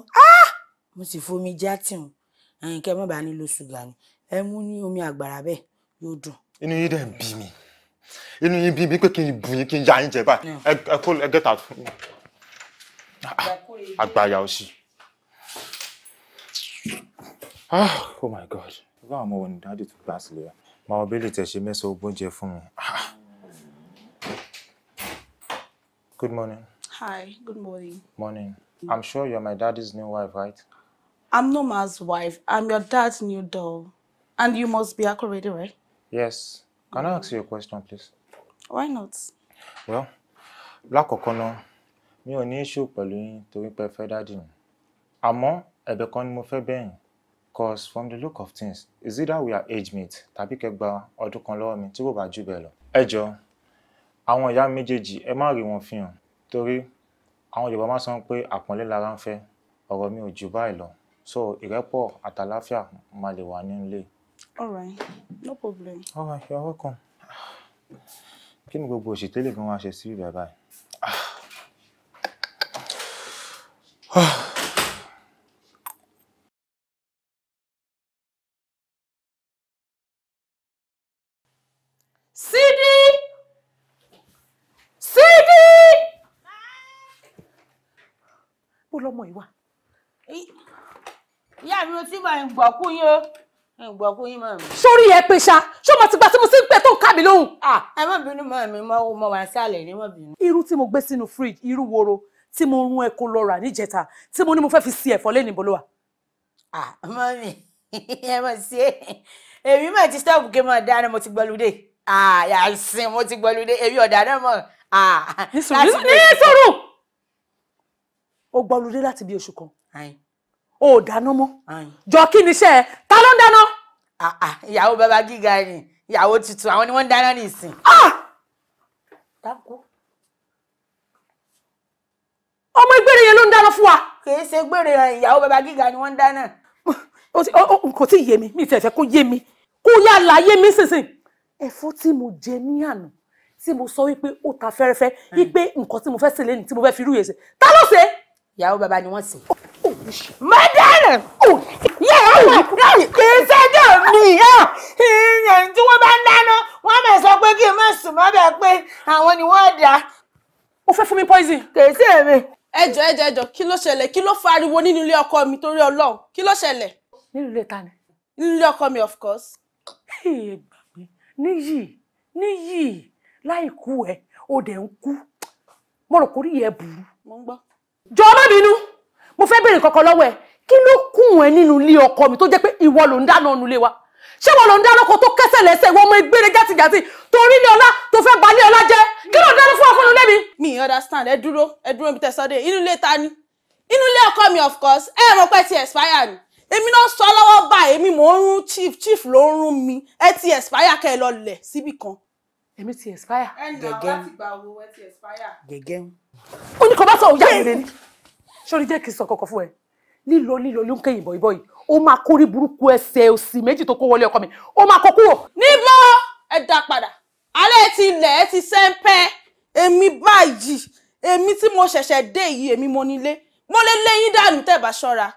mo sì fomi já tìǹ ẹ̀yin kẹ́ mọ́ bá nílò ṣúgà ni ẹ mú ní omi àgbàrá bẹ́ẹ̀ yóò dùn. inú yìí dẹ̀ ń bí mi inú yín bí pé kí n bù yín kí n ya yín jẹ báyìí ẹ kó ẹ gẹ́ta fún mi àgbàyà òsì. Ah, oh my god ìgbà àwọn ọmọ wọn ni dáàdì tó gbà sílẹ̀ rẹ̀ máa wọ́n bẹ́ẹ̀lì tẹ̀sí mẹ́sàn-án ogún jẹ fún mi. Ah. good morning. hi good morning. morning i'm sure you're my daddy's new wife right. i'm Noma's wife i'm your dad's new doll and you must be accurate right. yes can i ask you a question please why not. well lákọ̀ọ́kọ́ náà mi ò ní issue pẹ̀lú yín torí pé fẹ́ dáàdì mi àmọ́ ẹ̀bẹ̀ kan ni mo fẹ́ bẹ̀yìn cause from the look of things is either we are age mate tàbí kẹgbà ọdún kan lọ́wọ́ mi tí kò bá jù bẹ́ẹ̀ lọ. ẹ jọ àwọn ìyá méjèèjì ẹ má rí wọn fihàn torí àwọn Yorùbá máa sọ pé àpọ́nlé lára ń fẹ́ ọ̀rọ̀ mi ò jù báyìí lọ so ìrẹ́pọ̀ àtàláfíà máa lè wà nílé. all right no problem. all right you are welcome kí ni gbogbo òṣìtẹ́lẹ̀ gan wá ṣe sí bàbá yìí. Sidi! Sidi! Bó lọmọ ìwà? Ìyá mi ò tí máa ń gbọ̀kú yín o gbọ́ kú yín mọ̀ mi. sórí ẹ pé ṣá ṣó mo ti gba tí mo sì ń pè tó ń ká mi lóhùn. ẹ má bínú mọ́ mi mo wà sálẹ̀ ní mọ́ bínú. irú tí mo gbé sínú fridge irú woro tí mo rún ẹ kó lọ rà níjẹta tí mo ní mo fẹ́ fi si ẹ̀fọ́ lẹ́nu ìbọ̀lọ́wà. mọ́ mi ẹ mọ̀ sí èmi mà ti stop kí n máa dáná mo ti gbọ́lúdé àyàsìn mo ti gbọ́lúdé èmi ọ̀dà náà mọ̀. ní sùúrù ó gbọ́lúdé láti bí oṣù kan o ò dáná mọ́ jọ kí ni iṣẹ́ ẹ ta ló ń dáná. ìyàwó bàbá gíga ni ìyàwó tuntun àwọn ni wọ́n ń dáná ní ìsìn. Ah! ọmọ ìgbére yẹn ló ń dáná fún wa. kì í ṣe gbére ìyàwó bàbá gíga ni wọ́n ń dáná. kò tí ì yé mi mi ì tẹ̀fẹ́ kó yé mi kó yá láyé mi sísìn ẹ̀fọ́ tí mo jẹ ní àná tí mo sọ wípé ó ta fẹ́rẹ́fẹ́ wípé nǹkan tí mo fẹ́ sílẹ̀ ni tí mo fẹ́ fi rú yẹn ṣe ta ló ṣe. ìyàwó bàbá ni wọ́n sè é. My yàrá yìí yeah. í ṣẹ́jọ́ mi me, tí wọ́n bá ń dáná wọ́n máa sọ pé kí n má sùn mọ́ bẹ́ẹ̀ pé àwọn ni wọ́n dà. ó for me poison. kì í me. èmi. ẹjọ ẹjọ Kilo kí kilo ṣẹlẹ̀ kí ló fa ariwo nínú ilé ọkọ mi torí Ọlọ́run kí ló ṣẹlẹ̀. nínú ilé ta ni. nínú ilé ọkọ mi of course. níyì níyì láìkú ẹ o dẹ̀ ń kú mo rò kórìí ẹ burú. mo ń gbọ́. jọ ọmọ bínú mo fẹ́ béèrè kankan lọ́wọ́ ẹ kí ló kún ẹ nínú ilé ọkọ mi tó jẹ́ pé ìwọ ló ń dáná nu wa ṣé wọn ló ń dáná kan tó kẹsẹ̀ lẹ́sẹ̀ ìwọ ọmọ ìgbére játijàti torí ní ọlá tó fẹ́ balẹ̀ ọlá jẹ́ kí ló dáná fún afúnnu lẹ́mi. mi understand ẹ dúró ẹ dúró ibi tẹsánde inú ilé ta ni inú ilé ọkọ mi of course ẹ mọ̀ pé ti expire ni èmi náà sọ lọ́wọ́ báyìí èmi mò ń rún chief chief ló ń rún mi ẹ ti expire kẹ́ ẹ lọ lẹ̀ síbì kan èmi ti expire. ẹnì àwọn láti gbà wo ẹ ti expire. gẹ́gẹ́ sọ́rí jẹ́ kí n sọ kọ̀kọ̀ fún ẹ lílọ lílọ ló ń kẹ́yìn bọ̀ ìbọ̀ yìí ó máa kórí burúkú ẹsẹ̀ òsì méjì tó kó wọlé ọkọ mi ó máa kó kúrò. níbo ẹ padà alẹ́ ti ilẹ̀ ẹ ti sẹ́ńpẹ́ èmi báyìí èmi tí mo ṣẹ̀ṣẹ̀ dé yìí èmi mo nílé mo lè léyìn dànù tẹ́ bá ṣọ́ra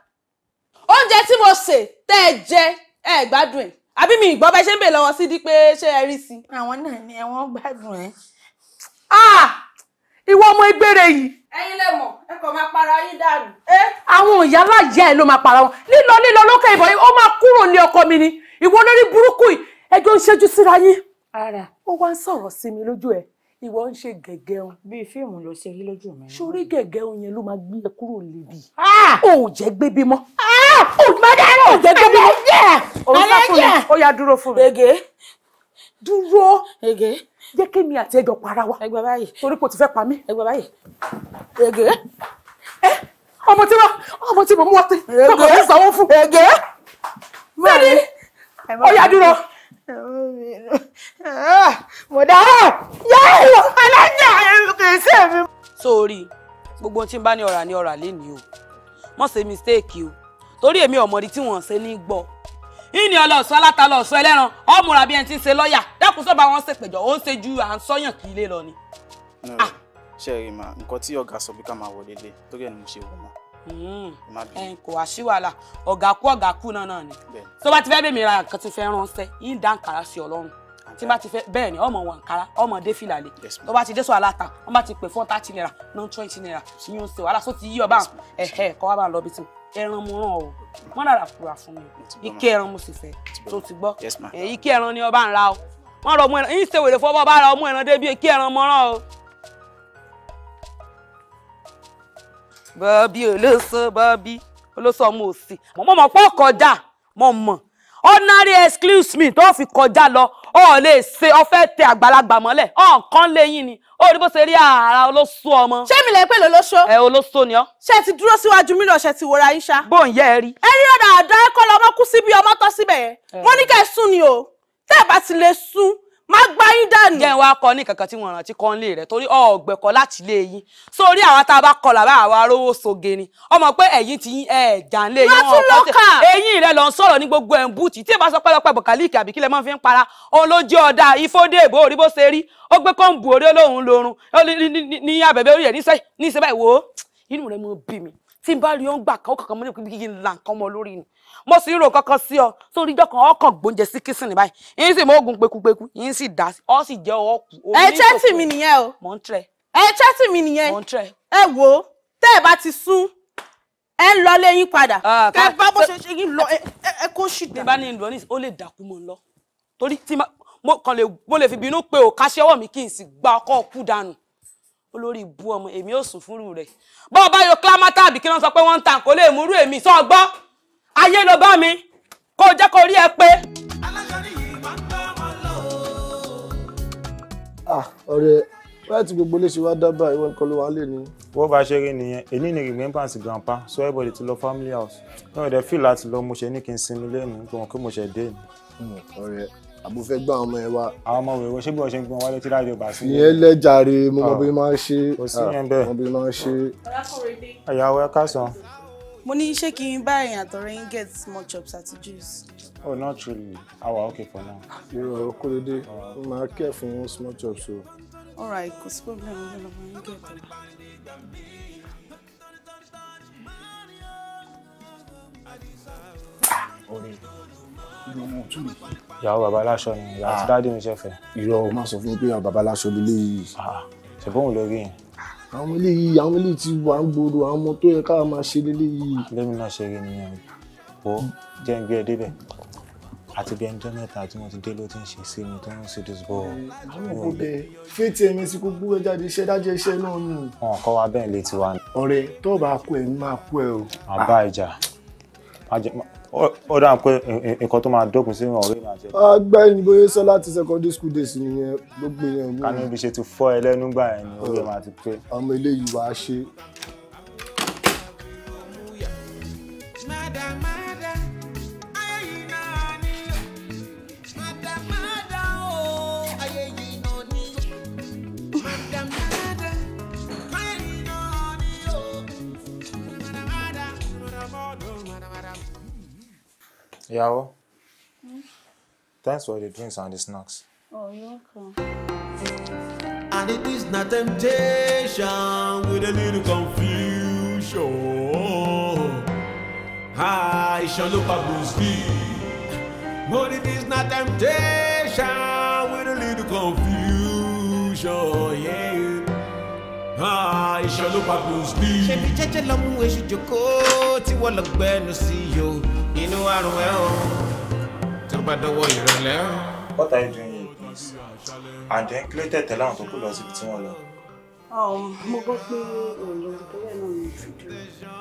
oúnjẹ tí mo sè tẹ́ ẹ jẹ ẹ gbádùn ẹ̀ àbí mi ìgbọ́ bá ṣe ń bè lọ́wọ́ sí di pé ṣé ẹ rí sí. àwọn náà ni ẹ̀wọ̀n gbádùn ẹ̀. Ah! ìwọ ọmọ egbére yìí ẹ̀yin lè mọ̀ ẹ kàn máa para yín dànù. àwọn ìyá láyà ẹ ló máa para wọn lílọ lílọ lókè ìbọn yìí ó máa kúrò ní ọkọ mi ni ìwọ lórí burúkú yìí ẹjọ ń ṣẹ́jú síra yín. ara ó wá ń sọ̀rọ̀ sí mi lójú ẹ̀ ìwọ ń ṣe gẹ̀gẹ́ o. bíi fíìmù ló ṣe rí lójú mi. sórí gẹ̀gẹ́ o yẹn ló máa gbé ẹ kúrò lébi. o ò jẹ́ gbé bímọ. o máa dáná o jẹ́ gbé bímọ. òun sá fún mi ó yá dúró fún mi. ege dúró ege jẹ́ kémi àti ẹjọ́ para wa. ẹgbẹ́ báyìí torí kò ti fẹ́ pa mí. ẹgbẹ́ báyìí. Ege. Eh, Ẹ ọmọ tí wọ́n ọmọ tí mo mú ọtí tọkọ mi sanwó fún. Ege. Bẹ́ẹ̀ni ọ̀yà dúró. Mo dáhà. Yẹ́ẹ̀yọ̀ alájà kì í ṣe mi. Sórí gbogbo tí n bá ní ọ̀rà ní ọ̀rà lénìí o mọ̀ ṣe mistake o torí èmi ọ̀mọ̀dí tí wọ́n ṣe ní gbọ́ ìní ọlọ́ọ̀sán aláta lọ́ọ̀sán ẹlẹ́ran ọmọọ̀rà bíi ẹni tí ń ṣe lọ́ọ̀yà dákun sọ́ba wọn ṣèpẹ̀jọ́ ó ń ṣe ju à ń sọ́yàn kí ilé lọ ni ṣe rí ma nǹkan tí ọ̀gá sọ pé ká máa wọlé lé torí ẹ̀ ni mo ṣe wọ̀ mọ́. Hmm. ẹ̀yin kò wá sí wàhálà ọ̀gá kú ọ̀gá kú náà náà ni tó bá ti fẹ́ bèmí ra nǹkan tí fẹ́ ránṣẹ́ yín dá nkàrà sí ọlọ́run tí bá ti fẹ́ bẹ́ẹ̀ ni ọmọ wọn nkàrà ọmọ dé fìlà lè tó bá ti dé sọ aláta wọn bá ti pè fún thirty naira non twenty naira yín ó ṣe wàhálà só ti yí ọba ẹ̀hẹ́ kọ́ wá bá lọ bí tí ẹran mo ràn ọ wọn rà fura fún mi ike ẹran mo sì fẹ́ tó ti gbọ́ ike ẹran ni ọba ń ra ọ wọn rọ ọmọ ẹran yín ṣe wèrè fọwọ́ bá ra bọ́bí olóso bọ́bí olóso ọmọ òsì mo mọ̀ pọ̀ kọjá mo mọ̀ ordinary excuse me tó fi kọjá lọ ọ lè ṣe ọfẹ́ tẹ àgbàlagbà mọ́lẹ̀ ọ̀kan lẹ́yìn ni ó rí bó ṣe rí ara olóso ọmọ. ṣé mi lè pè lólóṣó. ẹ olóṣó ni ọ. ṣé ti dúró síwájú mi náà ṣe ti wòra yín ṣá. bó ń yẹ ẹ rí. ẹ rí ọ̀dà àdá ẹ̀kọ́ lọ́mọ kú síbi ọmọ tọ́ síbẹ̀ yẹn wọ́n ní kẹ́ ẹ sún ni o tẹ́ ẹ bá ti lè sún má gbá yín dànù. jẹ́ ń wá kọ ní kankan tí wọ́n rántí kọ́ nílé rẹ̀ torí ọ̀gbẹ́ kọ láti lé yín sórí àwa tá a bá kọ làbá àwa rówó soge ni ọmọ pé ẹ̀yìn ti yín ẹ̀ jà ń lé yín wọn kọ́ tẹ̀ eyín rẹ̀ lọ ń sọ̀rọ̀ ní gbogbo ẹ̀ ń bùtì tí ì bá sọ pẹ́lọpẹ́ bọ̀kálíìkì àbí kílẹ̀ máa fi ń para òun ló jẹ́ ọ̀dà ìfọ́dé ìbò orí bó ṣe rí ó gbé kọ́ǹbù orí olóhùn lorun ní abẹ̀bẹ̀ orí wo inú rẹ̀ mo bì mí tí n bá rí ọ́n gbà kan ó kàkàn mọ́ ní kí n mo sì rò kankan sí ọ sórí ìjọ kan ọkàn gbóúnjẹ sí kìsìn ní báyìí yín sì mọ oògùn pekupeku yín sì dá sí ọ sì jẹ ọwọ kù. ẹ chẹ́tì mi nìyẹn o. mò ń tẹ. ẹ chẹ́tì mi nìyẹn. mò ń tẹ. ẹ wo tẹ́ ẹ bá ti sún ẹ ń lọ lẹ́yìn padà kẹ ah, bá bó ṣe ṣe yín lọ ẹ kó ṣì dà. bí bá ní lọ ní ó lè dàkú mo lọ torí tí mo kàn lè mo lè fi bínú pé ò káṣí ọwọ́ mi kí n sì gba ọkọ̀ kú dànù olórí ìbú ọmọ èmi ò sùn fúnrú rẹ̀ bọ́ọ̀ bá yọ kílámátà àbí kí wọ́n sọ pé wọ́n ń tàn kó lè múrú èmi sọ gbọ́ ayé ló bá mi kó o jẹ́ kó rí ẹ pé. Ah, ọ̀rẹ́ báyìí tí gbogbo léṣe wá dábàá ìwọ nǹkan ló wà lè ní. wọ́n bá ṣe rí nìyẹn èyí ni remembrance grandpa so everybody ti lọ family house náà ìdẹ fíìlì láti lọ mo ṣe ní kí n sinmi lẹ́nu gbọ̀n kí mo ṣe dé ni. Hmm, ọ̀rẹ́ àbò fẹ́ gbọ́ àwọn ọmọ ẹ wa. àwọn ọmọ wẹ̀wẹ̀ ṣé bí wọ́n ṣe ń gbọ́n wálé tí ráàdì ọba sí. ìyẹn lẹ́jàre mo mọ ah, bí máa ń ṣe. kò sí yẹn bẹ́ẹ̀. Ah, mo mọ bí máa ń ṣe. ọ̀rẹ́kùnrin mo ní ṣé kí n bá èèyàn àtọ̀rẹ́ yín get small chops àti juice. oh not really awa ah, okay for now. irọ́ okòlédé ó máa kẹ́ fún small chops o. alright kò sí problem ọ̀gá lọ́wọ́ yín get ọ̀la. ọ̀rẹ́ ìlú ọmọ òtún mi. ìyàwó bàbá aláṣọ ni ìyàwó ah. tí dáàdì mi ṣe irọ́ o máa sọ fún mi pé bàbá aláṣọ lélẹ́yìí. Ah, ṣùgbọ́n òun ló rí yẹn àwọn eléyìí àwọn eléyìí ti wà ń gbòòrò àwọn ọmọ tó yẹ ká máa ṣe léléyìí. lẹ́mi náà ṣe rí nìyẹn bó jẹ́ ń gbé ẹ débẹ̀ àti bí ẹnjọ́ mẹ́ta tí wọ́n ti dé ló ti ń ṣe sí mi tó ń ṣe dis ball. àwọn kò bẹ fètì ẹ̀mí sí kó gbúwẹ́ jáde iṣẹ́ dájẹ́ iṣẹ́ náà nù. wọn kọ́ wa bẹ́ẹ̀ létí wa ni. ọ̀rẹ́ tó bá kú máa kú ẹ o. àbá ìjà ó dáa pé nǹkan tó máa dógun sí ọ̀rẹ́ mi àti ẹ̀. ọgbẹ́ni bóyá sọ láti secondary school days nìyẹn gbogbo yẹn mú. kánú ibi ṣe ti fọ́ ẹ lẹ́nu gbà ẹ̀ ni ó lè máa ti pé. ọmọ eléyìí wàá ṣe. Yawo. Hmm? Thanks for the drinks and the snacks. Oh, you're welcome. And it is not temptation with a little confusion. I shall look at Bruce But it is not temptation with a little confusion. Yeah. Ìṣọlọ́pàá Bruce Lee. Ṣebí jẹ́jẹ́ lọ́mú èṣù jòkó tí wọ́n lọ gbẹ́nu sí yòó inú àrùn ẹ o tó bá dọwọ́ ìrọ̀lẹ́ What are you doing here please? And then kí ló tẹ̀tẹ̀ láwọn tó kù lọ síbi tí wọ́n lọ. Um, mo gbọ́ pé òun lọ bẹ́ẹ̀ náà ní ìfìdúró.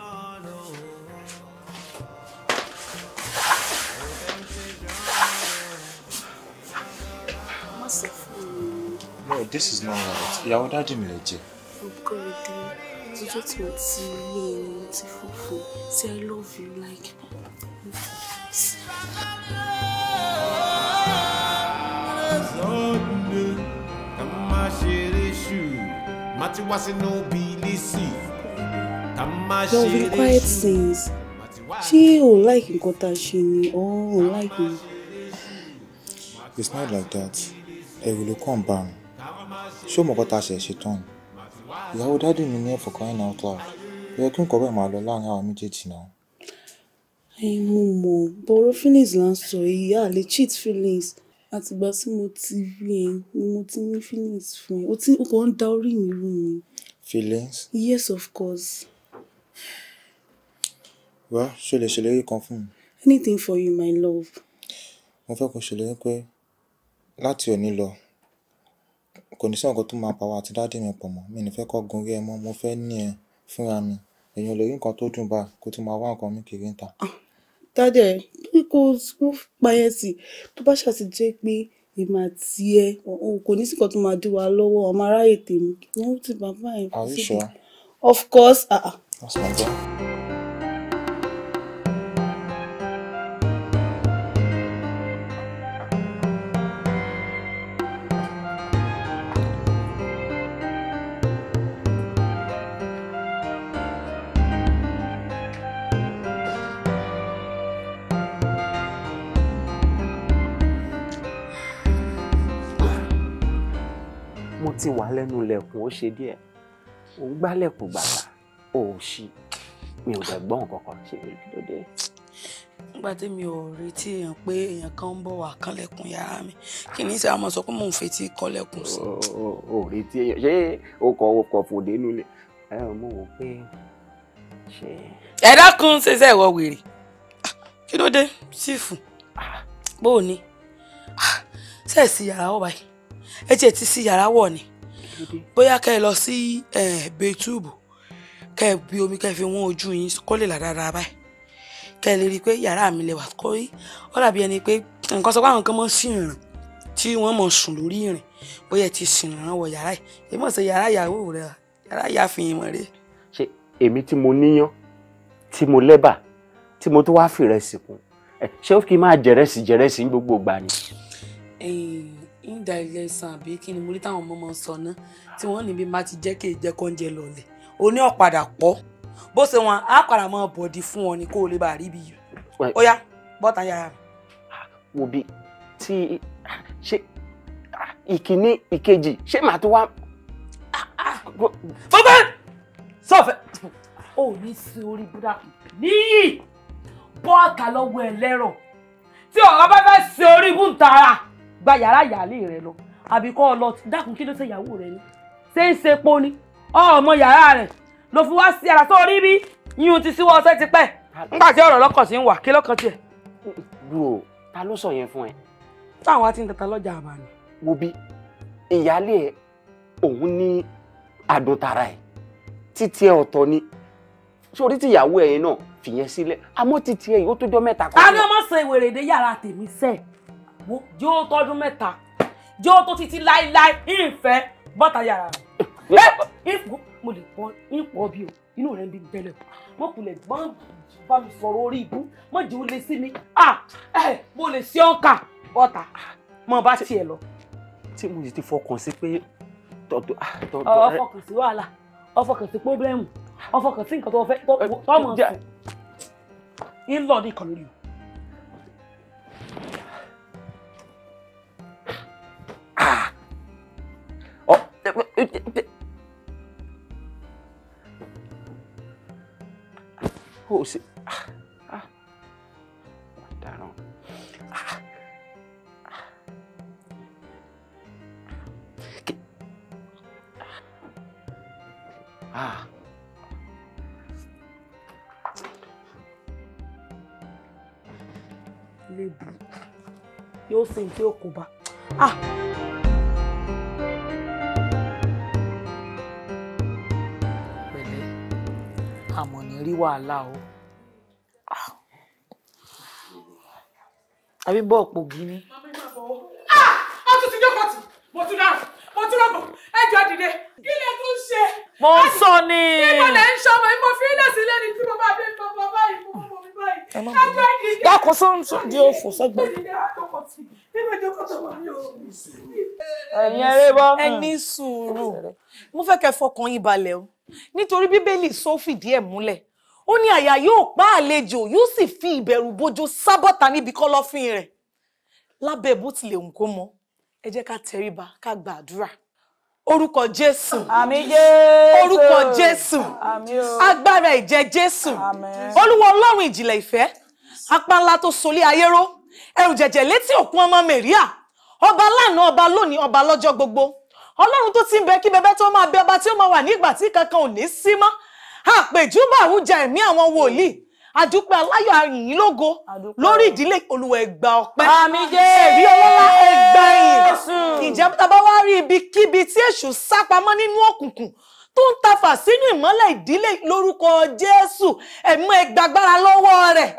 No, this is not right. Ìyàwó dájú mi lè jẹ. Ògùn ìdí, ìjọ tí mo ti lé ẹni tí fúnfún, say I love you like be quiet things. She will like Nkotashini or will like me. It's not like that. I will come back. Show me what kọ́ta ṣe ṣe You have already mi ní for crying out loud. You are Ó yẹ kí n kọ́ bẹ́ẹ̀ máa lọ Ẹn, mo mọ̀, borrow feelings là ń sọ yìí, a lè cheat feelings. Àti ìgbà tí mo ti rí ẹ ni mo ti ní feelings fún ẹ. O ti, o kàn da orí mi rú ni. Feelings? Yes, of course. Well, ṣé o lè ṣèlérí kan fún mi? Anything for you, my love. Mo fẹ́ ko ṣèlérí pé láti òní lọ, kò ní sí ǹkan tó máa pa àwa àti daddy mi pọ̀ mọ́. Mi ò ní fẹ́ kó gun orí ẹ mọ́, mo fẹ́ ní ẹ fúnra mi. Èèyàn ò lè rí ǹkan tó dùn báyìí kó tún máa wá ǹkan mi kiri níta. Ah, tádẹ kó kó payẹn sí tó bá ṣàti jẹ́ pé èmi àti ẹ kò ní sí nǹkan tó máa dí wa lọ́wọ́ ọmọ aráyè tèmi wọn ti bàbá ẹ. of course. Uh -uh. ti wà lẹ́nu ilẹ̀kùn ó ṣe díẹ̀ ò ń gbálẹ̀kùn gbàgbà ò ṣí mi ò dẹ̀ gbọ́n kankan ṣe mi ló dé. nígbà tí mi ò retí èèyàn pé èèyàn kan ń bọ̀ wá kánlẹ̀kùn yàrá mi kí ni sáà mo sọ pé mò ń fetí kọ́lẹ̀kùn sí. ò retí èèyàn ṣé o kọ o kọ fòdé nulẹ̀ ẹ mo wò pé ṣe. ẹ dákun ṣe iṣẹ́ ìwọ wèrè kí ló dé sífù ah. bó o ní ah, ṣe é sí yàrá ó báyìí ẹ tiẹ̀ ti sí yàrá wọ̀ ni bóyá kẹ́ ẹ lọ sí betúbù kẹ́ ẹ bí omi kẹ́ ẹ fi wọ́n ojú yín kó lè là dáadáa báyìí kẹ́ ẹ lè rí i pé yàrá mi lè wà kó rí ó dàbí ẹni pé nǹkan sọ pé àwọn kan mọ̀ sí ìrìn tí wọ́n mọ̀ sùn lórí ìrìn bóyá ẹ ti sìn ìrìn wọ yàrá yìí èmi mọ̀ sí yàrá ìyàwó rẹ yàrá ìyàfihàn mọ̀ rẹ. ṣe èmi tí mo níyàn tí mo lẹ́bà tí mo tó wá fìrẹsì kún ṣé ó kì máa jẹrẹsì jẹrẹsì ní gbogbo ìgbà ni ìdá ilẹ̀ sàn àbí kí ni mo rí táwọn ọmọ máa ń sọ ná tí wọ́n ní bí má ti jẹ́ kí ìjẹ́ kọ́ńjẹ lọ̀lẹ̀ o ní ọ̀padà pọ̀ bó ṣe wọn á padà máa bọ̀dì fún ọ ni kó o lè bá rí bí yìí ó yá bọ́ta yàrá. wò bí tí ṣe ìkíní ìkejì ṣé màá tó wá. fọfẹ sọfẹ. o ò ní sin orí búdà níyì bọ́ọ̀tà lọ́wọ́ ẹlẹ́rọ̀ tí ọ̀rọ̀ bá fẹ́ sin orí bùntara gba yàrá ìyáálé rẹ lọ àbí kọ́ ọ lọ dákun kí ló ṣe ìyàwó rẹ ni ṣé ń ṣe po ni ọmọ yàrá rẹ ló fi wá sí ara tó rí bí yíyún ti síwọ́ ọṣẹ́ tipẹ́ nígbà tí ọ̀rọ̀ lọ́kàn sí ń wà kí lọ́kàn tiẹ̀. dúró ta ló sọ yẹn fún ẹ. táwọn á ti ń tata lọ́jà àbá ni. wo bí ìyáálé ẹ òun ní àdùn tara ẹ títí ẹ ọ̀tọ̀ ni sórí tìyàwó ẹ̀yìn náà fìyẹn sílẹ̀ àmọ́ títí ẹ yìí tó jọ mẹ́ta kọ́. a ní ọmọ sọ ìwèrèdè yàrá tèmi sẹ́ẹ̀ wo yóò tọ́dún mẹ́ta yóò tó títí láéláé ìfẹ́ bọ́tà yàrá rẹ̀ ẹ mo lè pọ ìpọ̀ bí o inú rẹ̀ ń bí tẹ́lẹ̀ mo kù lè gbọ́n bá mi sọ̀rọ̀ orí ibú mo jù ú lè sí mi mo lè ṣe ọkà bọ́tà mo bá tiẹ̀ lọ. tí mo sì ti fọkàn sí pé tọ̀dọ̀ ah, tọ̀dọ̀ rẹ. ọfọkàn sí wàhálà ọfọkàn sí pọ́blẹ́mù ọfọkàn sí nǹkan tó fẹ́ tọ́mọ̀ sùn ń lọ ní ìkànnì yìí. kò sí. ọ̀daràn. Ah. ah, ah, ah. ah. burúkú yóò sin tí ó kò bá. Ah. wàhálà o àbí bọ́ ọ̀pọ̀ ògì ni. a ah! tún ti jókòó tì mo tún dáhùn mo tún rọ̀bọ̀ ẹjọ́ dìde kí lè tún ṣe. mo ah! ń sọ ni. ìmọ̀lẹ̀ ń ṣọmọ ìmọ̀ fílẹ̀ sílẹ̀ ni tí mo bá dé bàbá báyìí fún mi ẹ má bọ̀ dákun sóńsóńdí òfò sẹ́gbẹ́. ẹ̀yin ẹrẹ́ bá mọ̀. ẹ ní sùúrù mo fẹ́ kẹ́ fọkàn yín balẹ̀ o nítorí bíbélì sọ fìdí ẹ̀ múlẹ̀ ó ní àyà yóò pa àlejò yóò sì fi ìbẹ̀rù bojo sábọ́ta níbi kọ́lọ́fín rẹ̀ lábẹ́ bó tilẹ̀ ń kó mọ ẹ jẹ́ ká tẹríba ká gbàdúrà orúkọ jésù àmín jésù orúkọ jésù àmín agbára ìjẹ jésù àmín olúwa ọlọ́run ìjìnlẹ̀ ìfẹ́ apá ńlá tó solé ayé ró ẹrù jẹ̀jẹ̀ létí òkun ọmọ mẹ̀ríà ọba lánàá ọba lónìí ọba lọ́jọ́ gbogbo ọlọ́run tó ti ń bẹ kí bẹbẹ tó máa bẹ ọba tí ó máa wà nígbà tí kankan ò ní sí mọ́ àpèjúbà àwùjá ẹ̀mí àwọn wòlíì àdúpẹ́ aláyọ̀ àyìn lógo lórí ìdílé olùwà ẹgbà ọpẹ́ ẹ̀rí ọlọ́lá ẹgbà ẹ̀yìn ǹjẹ́ tá a bá wá rí ibikíbi tí èṣù sá pamọ́ nínú òkùnkùn tó ń tafà sínú ìmọ́lẹ̀ ìdílé lórúkọ jésù ẹ̀mú ẹgbàgbára lọ́wọ́ rẹ̀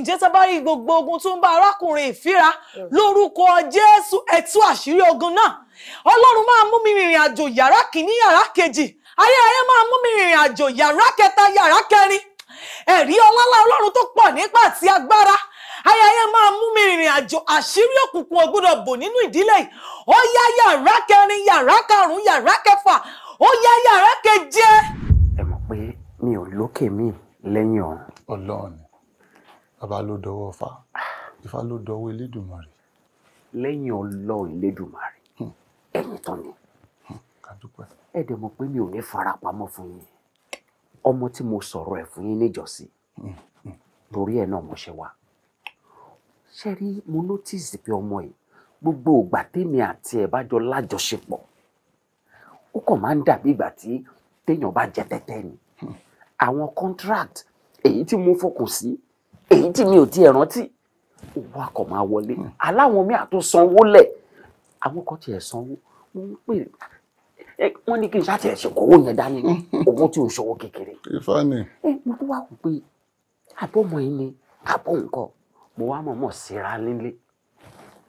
ǹjẹ́ tá a bá rí gbogbo ogun tó ń bá arákùnrin ìfira lórúkọ jésù ẹ tú àṣírí ogun náà ọlọ́run máa mú mi rìnrìn àjò yàrá kìíní yàrá kejì ayé ayé máa mú mi rìnrìn àjò yàrá kẹta yàrá kẹrin ẹ̀rí ọlọ́lá ọlọ́run tó pọ̀ nígbà tí agbára ayé ayé máa mú mi rìnrìn àjò àṣírí òkùnkùn ò gbọ́dọ̀ bò nínú ìdílé yìí ó yá yàrá kẹrin yàrá karùn-ún yàrá kẹfà ó yá yàrá keje. ẹ mọ̀ pé mi ò lókè mi lẹ́yìn ọ̀run. ọlọ́run bàbá ló dọwọ́ fa ifá ló dọwọ́ elédùnmarè. lẹ́yìn ọlọ́run elédùnmarè hmm. ẹ̀yìn tán ni. Hmm. ká ẹ dẹ̀ mọ̀ pé mi ò ní farapamọ́ fún yín ọmọ tí mo sọ̀rọ̀ ẹ̀ fún yín níjọ́sí lórí hmm, hmm. ẹ̀ náà mo ṣe wá ṣe rí mo notice pé ọmọ yìí gbogbo ìgbà tèmi àti ẹ̀ bá jọ lájọṣepọ̀ ó kàn máa ń dàbí ìgbà tí téèyàn bá jẹ tẹ́tẹ́ ni hmm. àwọn contract èyí tí mo fọkùn sí èyí tí mi ò tiẹ̀ rántí owó akọ̀ máa wọlé aláwọn míì àtúnsanwó lẹ̀ àwọn kan tiẹ̀ sanwó wọ́n ń pè wọ́n ní kí n ṣàtẹ̀ ẹ̀ṣẹ̀ kọ́wọ́ yẹn dání hmm, hmm. owó tí ò ń ṣọwọ́ kékeré. ifá ni. ẹ mo tún wá wò pé àbọ̀mọ̀ yìí ni àbọ̀ nǹkan mo wá mọ̀ọ́mọ̀ síra nílé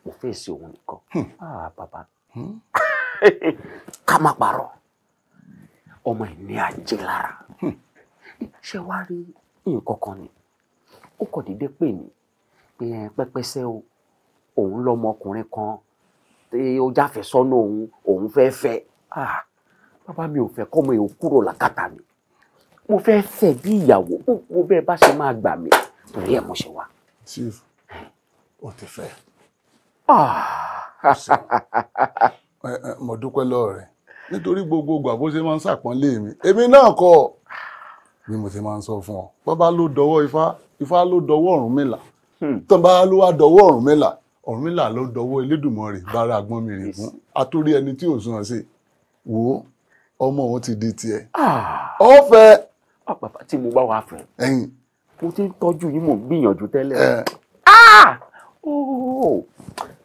mo fẹ́ ṣe òun nìkan. Hmm. bàbá ká má parọ́ ọmọ yìí ní ajé lára ṣé wàá rí nǹkan kan ni ó kọ̀ déédéé pè mí pẹpẹsẹ o òun lọmọkùnrin kan ó jáfẹ́sọ́nà òun òun fẹ́ fẹ́ ah bàbá mi ò fẹ́ kọ́ ọmọ yìí kúrò làkàtà mi mo fẹ́ fẹ́ bí ìyàwó gbogbo bẹ́ẹ̀ bá ṣe máa gbà mí torí ẹ̀ mo ṣe wá. chief o ti fẹ́. Ah. mo dúpẹ́ lọ́wọ́ rẹ̀ nítorí gbogbogbò àbó ṣe máa ń ṣàpọ́nlé mi èmi náà kọ́ bí mo ṣe máa ń sọ fún ọ bàbá ló dọwọ́ ifá ifá ló dọwọ́ Ọ̀rúnmìlà hmm. tán bá ló wá dọwọ́ Ọ̀rúnmìlà Ọ̀rúnmìlà ló dọwọ́ Elédùmarè bára agbọ́n mi rè fún àtúrí ẹni tí ò sún ọ sí i wo ọmọ òun ti di tiẹ̀. ọ ah. fẹ́. Ah, bàbá tí mo bá wà fẹ́. mo ti ń tọ́jú yín mò ń gbìyànjú tẹ́lẹ̀. Ah!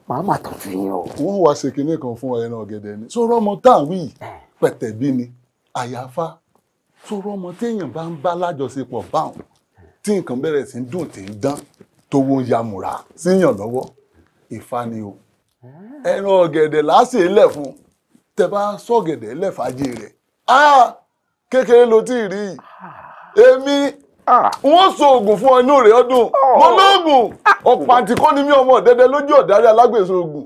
màá má tọ́jú yín o. wọ́n wá ṣe kinní kan fún ẹran ọ̀gẹ̀dẹ̀ ni sọ rọ́mọ táwí pẹ̀tẹ̀bí ni àyàfá sọ rọ́mọ téèyàn bá ń bá lájọṣepọ̀ báwọn tí nǹkan bẹ̀rẹ̀ sí ń dùn tí ń dán tówó ń yamùrà síyàn lọ́wọ́ ìfani o ẹran ọ̀gẹ̀dẹ̀ láṣẹ ilẹ̀ fún un tẹ bá sọ̀gẹ̀dẹ̀ lẹ́fàájì rẹ̀ kékeré ló ti rí ah. èmi wọ́n ah. so oògùn fún ọ inú rẹ̀ ọdún oh. mo lóògùn ah. ọ̀pọ̀ àǹtíkọ́ ni mí ọmọ ọ̀dẹ́dẹ́ lójú ọ̀dárí alágbèsè oògùn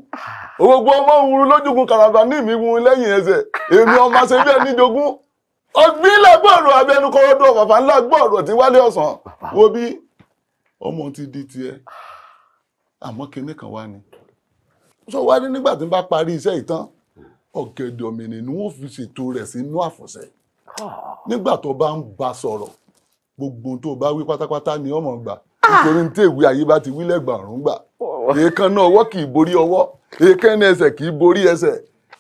gbogbo ọmọ òwúrú lójúkun kàràbà ní mi wun lẹ́yìn ẹsẹ̀ èmi ọmọ ṣe bí ẹni jogún ọgbìnlẹ̀ gbọ́ọ̀rọ̀ abẹnukọ́rọ́dọ̀ bàbá ńlá gbọ́ọ̀rọ̀ tí wálé ọ̀sán wo bí ọmọ ti di tiẹ̀ àmọ́ kinní kan wá ni sọ wá ní nígbà tí n bá parí iṣẹ́ ìtàn ọ̀gẹ̀dẹ̀ ọ̀mìnì ni wọ́n fi ṣètò rẹ̀ sínú àfọ̀sẹ́ nígbà tó bá ń bá sọ̀rọ̀ gbogbo tó bá wí pátápátá ni ọmọ gbà ah! nítorí ní tèwé ayé bá ti wí lẹ́gbàá ọ̀run gbà èékánná ọwọ́ kì í borí ọwọ́ èékánná ẹsẹ̀ kì í borí ẹsẹ̀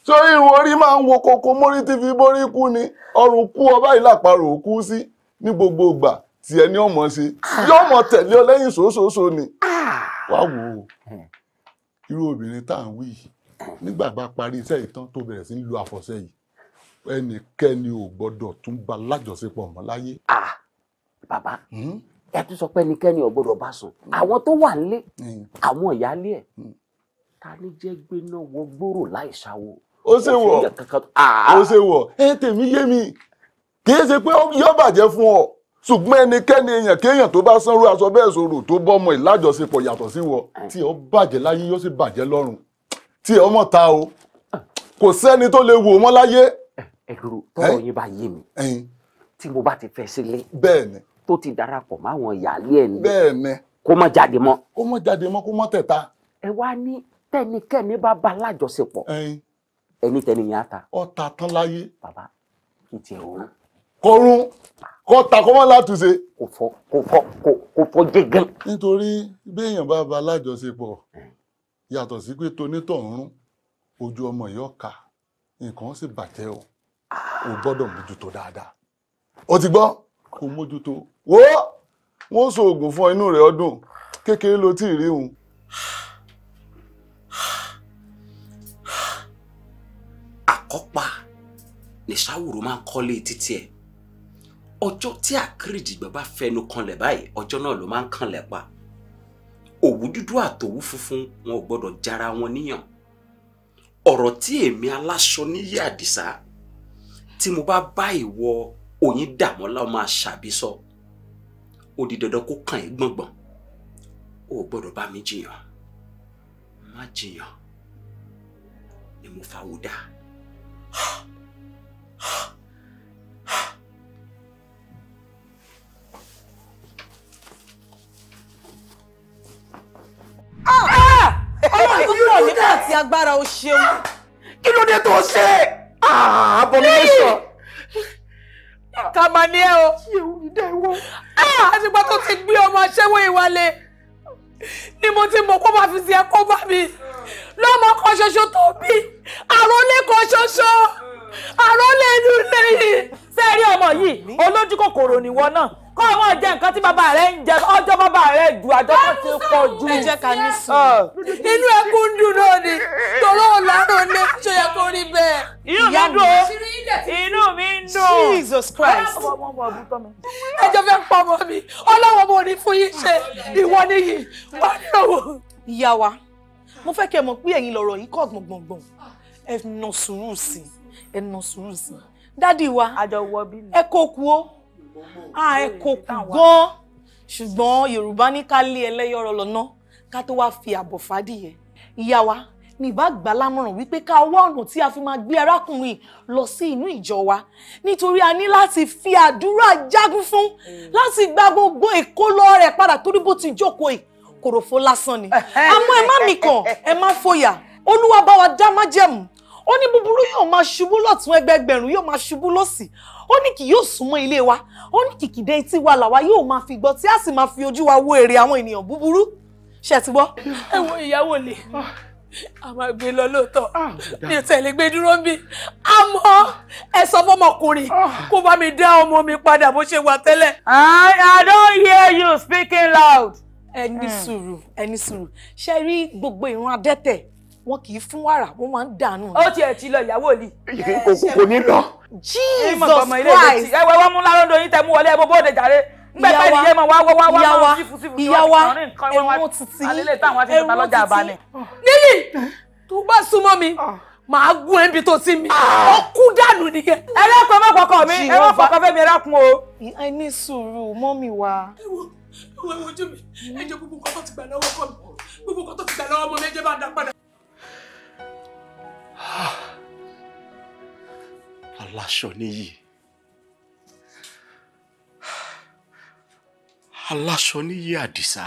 tó irun orí máa ń wo koko mórí tí fi borí kú ni ọrùn kú ọba ìlàparò kú sí ní gbogbo ìgbà tí ẹni ọmọ ṣe ah! yóò mọ tẹ̀lé ọ lẹ́yìn ni ah! wá wò irú obìnrin tá à ń wí yìí nígbà bá parí iṣẹ́ ìtàn tó bẹ̀rẹ̀ sí ń lo àfọ̀ṣẹ yìí ẹnikẹ́ni ò gbọ́dọ̀ tún bá lájọṣepọ̀ mọ́ láyé. bàbá hmm? ẹ tún sọ pé ẹnikẹ́ni ò gbọ́dọ̀ bá sùn hmm. àwọn tó wà nílé hmm. àwọn ìyáálé ẹ̀ ta ni jẹ́ gbéná wọ gbòòrò láì ṣàwo. ó ṣe wọ ó ṣe wọ ẹ tèmi yé mi kì í ṣe pé yọ bàjẹ́ fún ọ ṣùgbọ́n ẹnikẹ́ni èèyàn kéèyàn tó bá sanwó aṣọ bẹ́ẹ̀ sọ̀rọ̀ tó bọ́mọ ìlájọṣepọ̀ yàtọ̀ sí wọ tí ó bàjẹ́ láyé yóò sì bàjẹ́ lọ́run tí ọmọ ta o kò sẹ́ni tó lè wò wọ́n láyé. ẹ̀rù tọ́rọ̀ yín bá yé mi tí mo bá ti fẹ́ sílé tó ti darapọ̀ máwọn ìyáálé ẹ̀ ni kó má jáde mọ́. kó má jáde mọ́ kó má tẹ̀ta. ẹ wá ní tẹnikẹ́ni bá bá lájọṣepọ̀ ẹni tẹni yẹn á ta. ọ̀tá tán láyé. bàbá kì í tiẹ̀ òórùn. kọrún kọ ta kọ mọ látúnṣe. kò fọ kò fọ kò fọ jẹ gan. nítorí béèyàn bá ba lájọṣepọ̀ yàtọ̀ sí pé tonítọ̀hún ojú ọmọ yìí ọ̀ka nǹkan sì bàjẹ́ o ò gbọ́dọ̀ mójútó dáadáa ó ti gbọ́ kó mójútó wò ó wọ́n so oògùn fún inú rẹ̀ ọdún kékeré ló ti rí òun. àkọ́pá ní ṣáwùrú máa ń kọ́lé títí ẹ̀ ọjọ́ tí àkìrìjìgbà bá fẹnu kanlẹ̀ báyìí ọjọ́ náà ló máa ń kanlẹ̀ pa òwú dúdú àtòwú funfun wọn ò gbọdọ̀ jara wọn níyàn ọ̀rọ̀ tí èmi aláṣọ níyì àdìsá tí mo bá bá ìwọ oyin dàmọ́lá ọmọ àṣàbí sọ ó di dandan kó kàn ẹ́ gbọ̀ngbọ̀n ó gbọdọ̀ bá mi jiyàn má jiyàn ni mo fa wò dáa. àti agbára o ṣeun. kí ló dé tó ṣe abomination. Ah, ká máa ẹ o. ṣé òun dá ẹ wọ. Ah, àtìgbà tó ti gbé ọmọ aṣẹ́wó ìwálé ni mo ti mọ̀ kó máa fi ṣe ẹ̀kọ́ bá mi lọ́mọ kan ṣoṣo tó bí àròlé kan ṣoṣo àròlé inú ilé yìí sẹ́ẹ̀rí ọmọ yìí olójú kòkòrò nìwọ náà kọ́ ọmọ jẹ nǹkan tí bàbá rẹ ń jẹ ọjọ́ bàbá rẹ ju àjọ tó ti pọ̀ ju. ẹ jẹ́ ká ní sùn. Ah. inú ẹkún dùn náà ni tòró ọ̀làrọ̀ ní ṣe yẹ kó rí bẹ́ẹ̀. inú mi dùn inú mi dùn. Jesus Christ. ẹjọ́ fẹ́ pa ọmọ mi ọlọ́wọ́ mo ní fún yín ṣe ìwọ nìyí wọ́n ní òwò. ìyá wa mo fẹ́ kẹ́ mọ̀ pé ẹ̀yin lọ̀rọ̀ yìí kọ́ gbọ̀ngbọ̀ngbọ̀n ẹ̀ nà sùúrù sí i ẹnu sùúrù sí dádì wa ẹ kó kú ó ẹ kó kú gan-an ṣùgbọ́n yorùbá ní ká lé ẹlẹ́yọ̀rọ̀ lọ́nà ká tó wá fi àbọ̀ fàdìyẹ ìyá wa ní ìbá gbà lámọ̀ràn wípé ká wá ọ̀nà tí a fi máa gbé arákùnrin lọ sí inú ìjọ wa nítorí a ní láti fi àdúrà jagun fún mm. láti gba gbogbo ìkólọ rẹ̀ padà torí bó ti jókòó yìí kòròfo lásán ni àmọ́ ẹ má mikàn ẹ má fòyà olúwa bá wa dá májẹ̀mú ó ní búburú yóò máa ṣubú lọ́tún ẹgbẹgbẹ̀rún yóò máa ṣubú lọ́sì ó ní kì yóò súnmọ́ ilé wa ó ní kìkìdé etí wa làwa yóò máa fi gbọ́ tí a sì máa fi ojú wa wo èrè àwọn ènìyàn búburú ṣe ti gbọ́. ẹ wo ìyàwó lè a máa gbé lọ lóòótọ́ ah, mi ò tẹ̀lé gbé dúró bí àmọ́ ẹ sọ fọmọkùnrin ah. kó bá mi dá ọmọ mi padà bó ṣe wà tẹ́lẹ̀. I don't hear you speaking loud. ẹ hmm. sùúrù ẹ sùúrù ṣe rí gbogbo ìran adẹ́tẹ̀ wọn kì í fún wàrà wọn máa ń dànù. ó tiẹ̀ ti lọ ìyàwó li. kò ní lọ. Jesus Christ. ẹ wẹ́ wọ́n mú láròdò yín tẹ mú wọlé ẹ bó bóde jàre gbẹgbẹ ni yẹn mọ wá wá wá wá sífu sífu tí wọn ti kàn rí nǹkan ẹwọn títí alẹ́lẹ́ táwọn ti ta lọ́jà àbálẹ̀. níyì tó bá súnmọ́ mi ah. màá gún ẹ́ níbi tó ti mi ah. ó kú dànù nìyẹn. ẹlẹ́kọ̀ọ́ má fọkàn mi ẹ má fọkàn fẹ́mi ẹlẹ́kùn o. ẹ ní sùúrù mọ́mì wa. ẹ wo ojú mi ẹ jẹ gbogbo nǹkan tó ti gbà lọ́wọ́ kọ́ mi gbogbo nǹkan tó ti gbà lọ́wọ́ ọmọ mi ẹ jẹ́ bá dá padà. Ah, aláṣọ níyì aláṣọ níyì àdìsá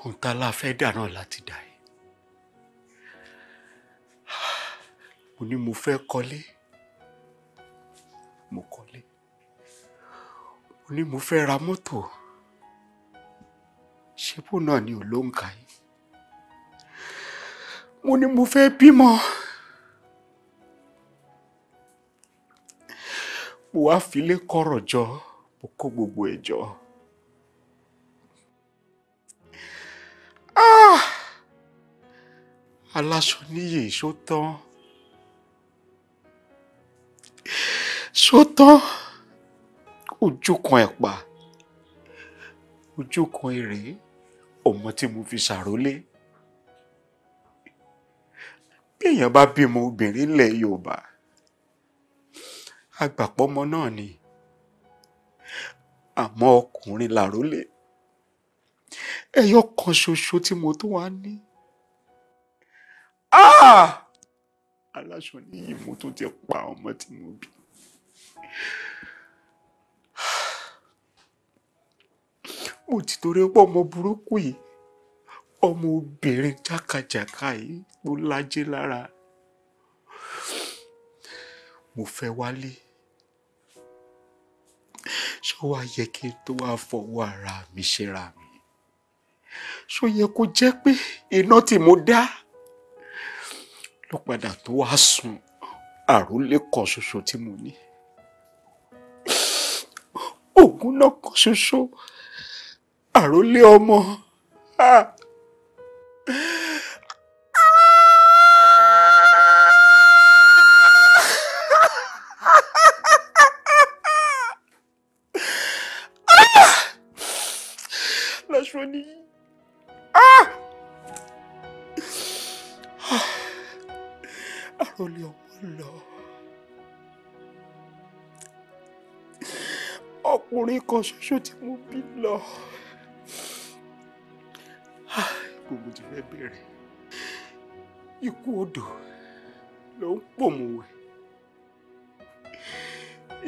ohun tá a la fẹ́ dà náà láti dà yìí mo ní mo fẹ́ kọ́lé mo kọ́lé mo ní mo fẹ́ ra mọ́tò ṣé bó náà ni ò ló yìí mo ní mo fẹ́ bímọ mo wá filé kọ̀rọ̀ jọ mo kó gbogbo ẹ̀ jọ. Ah! aláṣọ níyè ṣó tán ṣó tán ojú kan ẹ̀pà ojú kan èrè ọmọ tí mo fi ṣàrólé èèyàn bá bímọ obìnrin ilẹ̀ Yorùbá àgbàpọ̀mọ náà ni àmọ́ ọkùnrin làrólé ẹyọ kan ṣoṣo tí mo tó wá ní ah! aláṣọ níyì mo tún ti pa ọmọ tí mo bí mo ti torí pọ̀ ọmọ burúkú yìí ọmọ obìnrin jákàjàkà yìí ló lájẹ lára mo fẹ́ wálé ṣó wàá yẹ kí n tó wàá fọwọ́ ara mi ṣera mi ṣó yẹ kó jẹ́ pé iná tí mo dá ló padà tó wàá sùn àròlé kan ṣoṣo tí mo ní ògùn náà kan ṣoṣo àròlé ọmọ. Ah. kan ṣoṣo tí mo bí lọ ah, ipò mo ti fẹ́ bẹ̀rẹ̀ ikú odò ló ń pòmùwẹ̀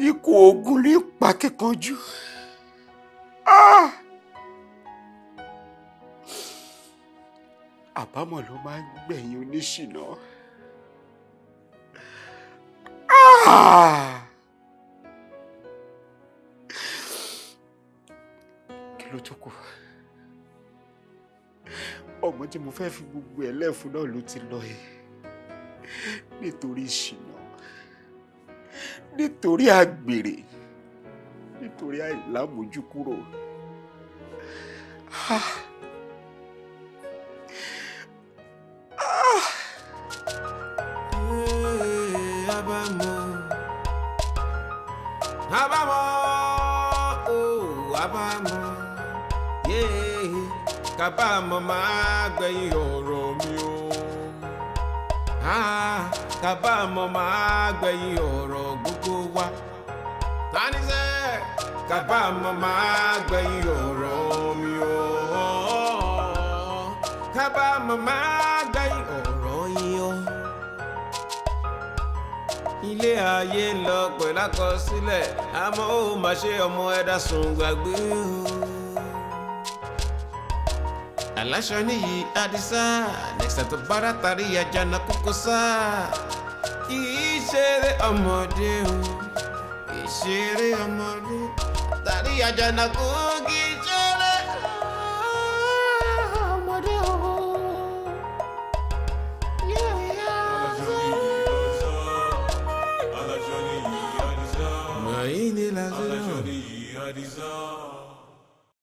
ikú ogun ló ń pa kíkanjú ah! àbámọ̀ ló máa ń gbẹ̀yìn oníṣìná. Ah! jókòó ọmọ tí mo fẹ́ fi gbogbo ẹ̀ lẹ́fun náà ló ti lọ yìí nítorí ìṣìnà nítorí àgbèrè nítorí àìlámójúkúrò. Ah. kábàámọ̀ máa gbẹ̀yìn ọ̀rọ̀ mi o kábàámọ̀ máa gbẹ̀yìn ọ̀rọ̀ gbogbo wa táníṣẹ́ kábàámọ̀ máa gbẹ̀yìn ọ̀rọ̀ mi o kábàámọ̀ máa gbẹ̀yìn ọ̀rọ̀ yín o ilé ayé ń lọ pẹ̀lú àkọsílẹ̀ àmọ́ ó mà ṣe ọmọ ẹ̀dá sùn gbàgbé o. aláṣọ níyì àdìsá nẹ̀sà tó bára tàrí ajá náà kókó sá kì í ṣeré ọmọdé o kì í ṣeré ọmọdé tàrí ajá náà kókó.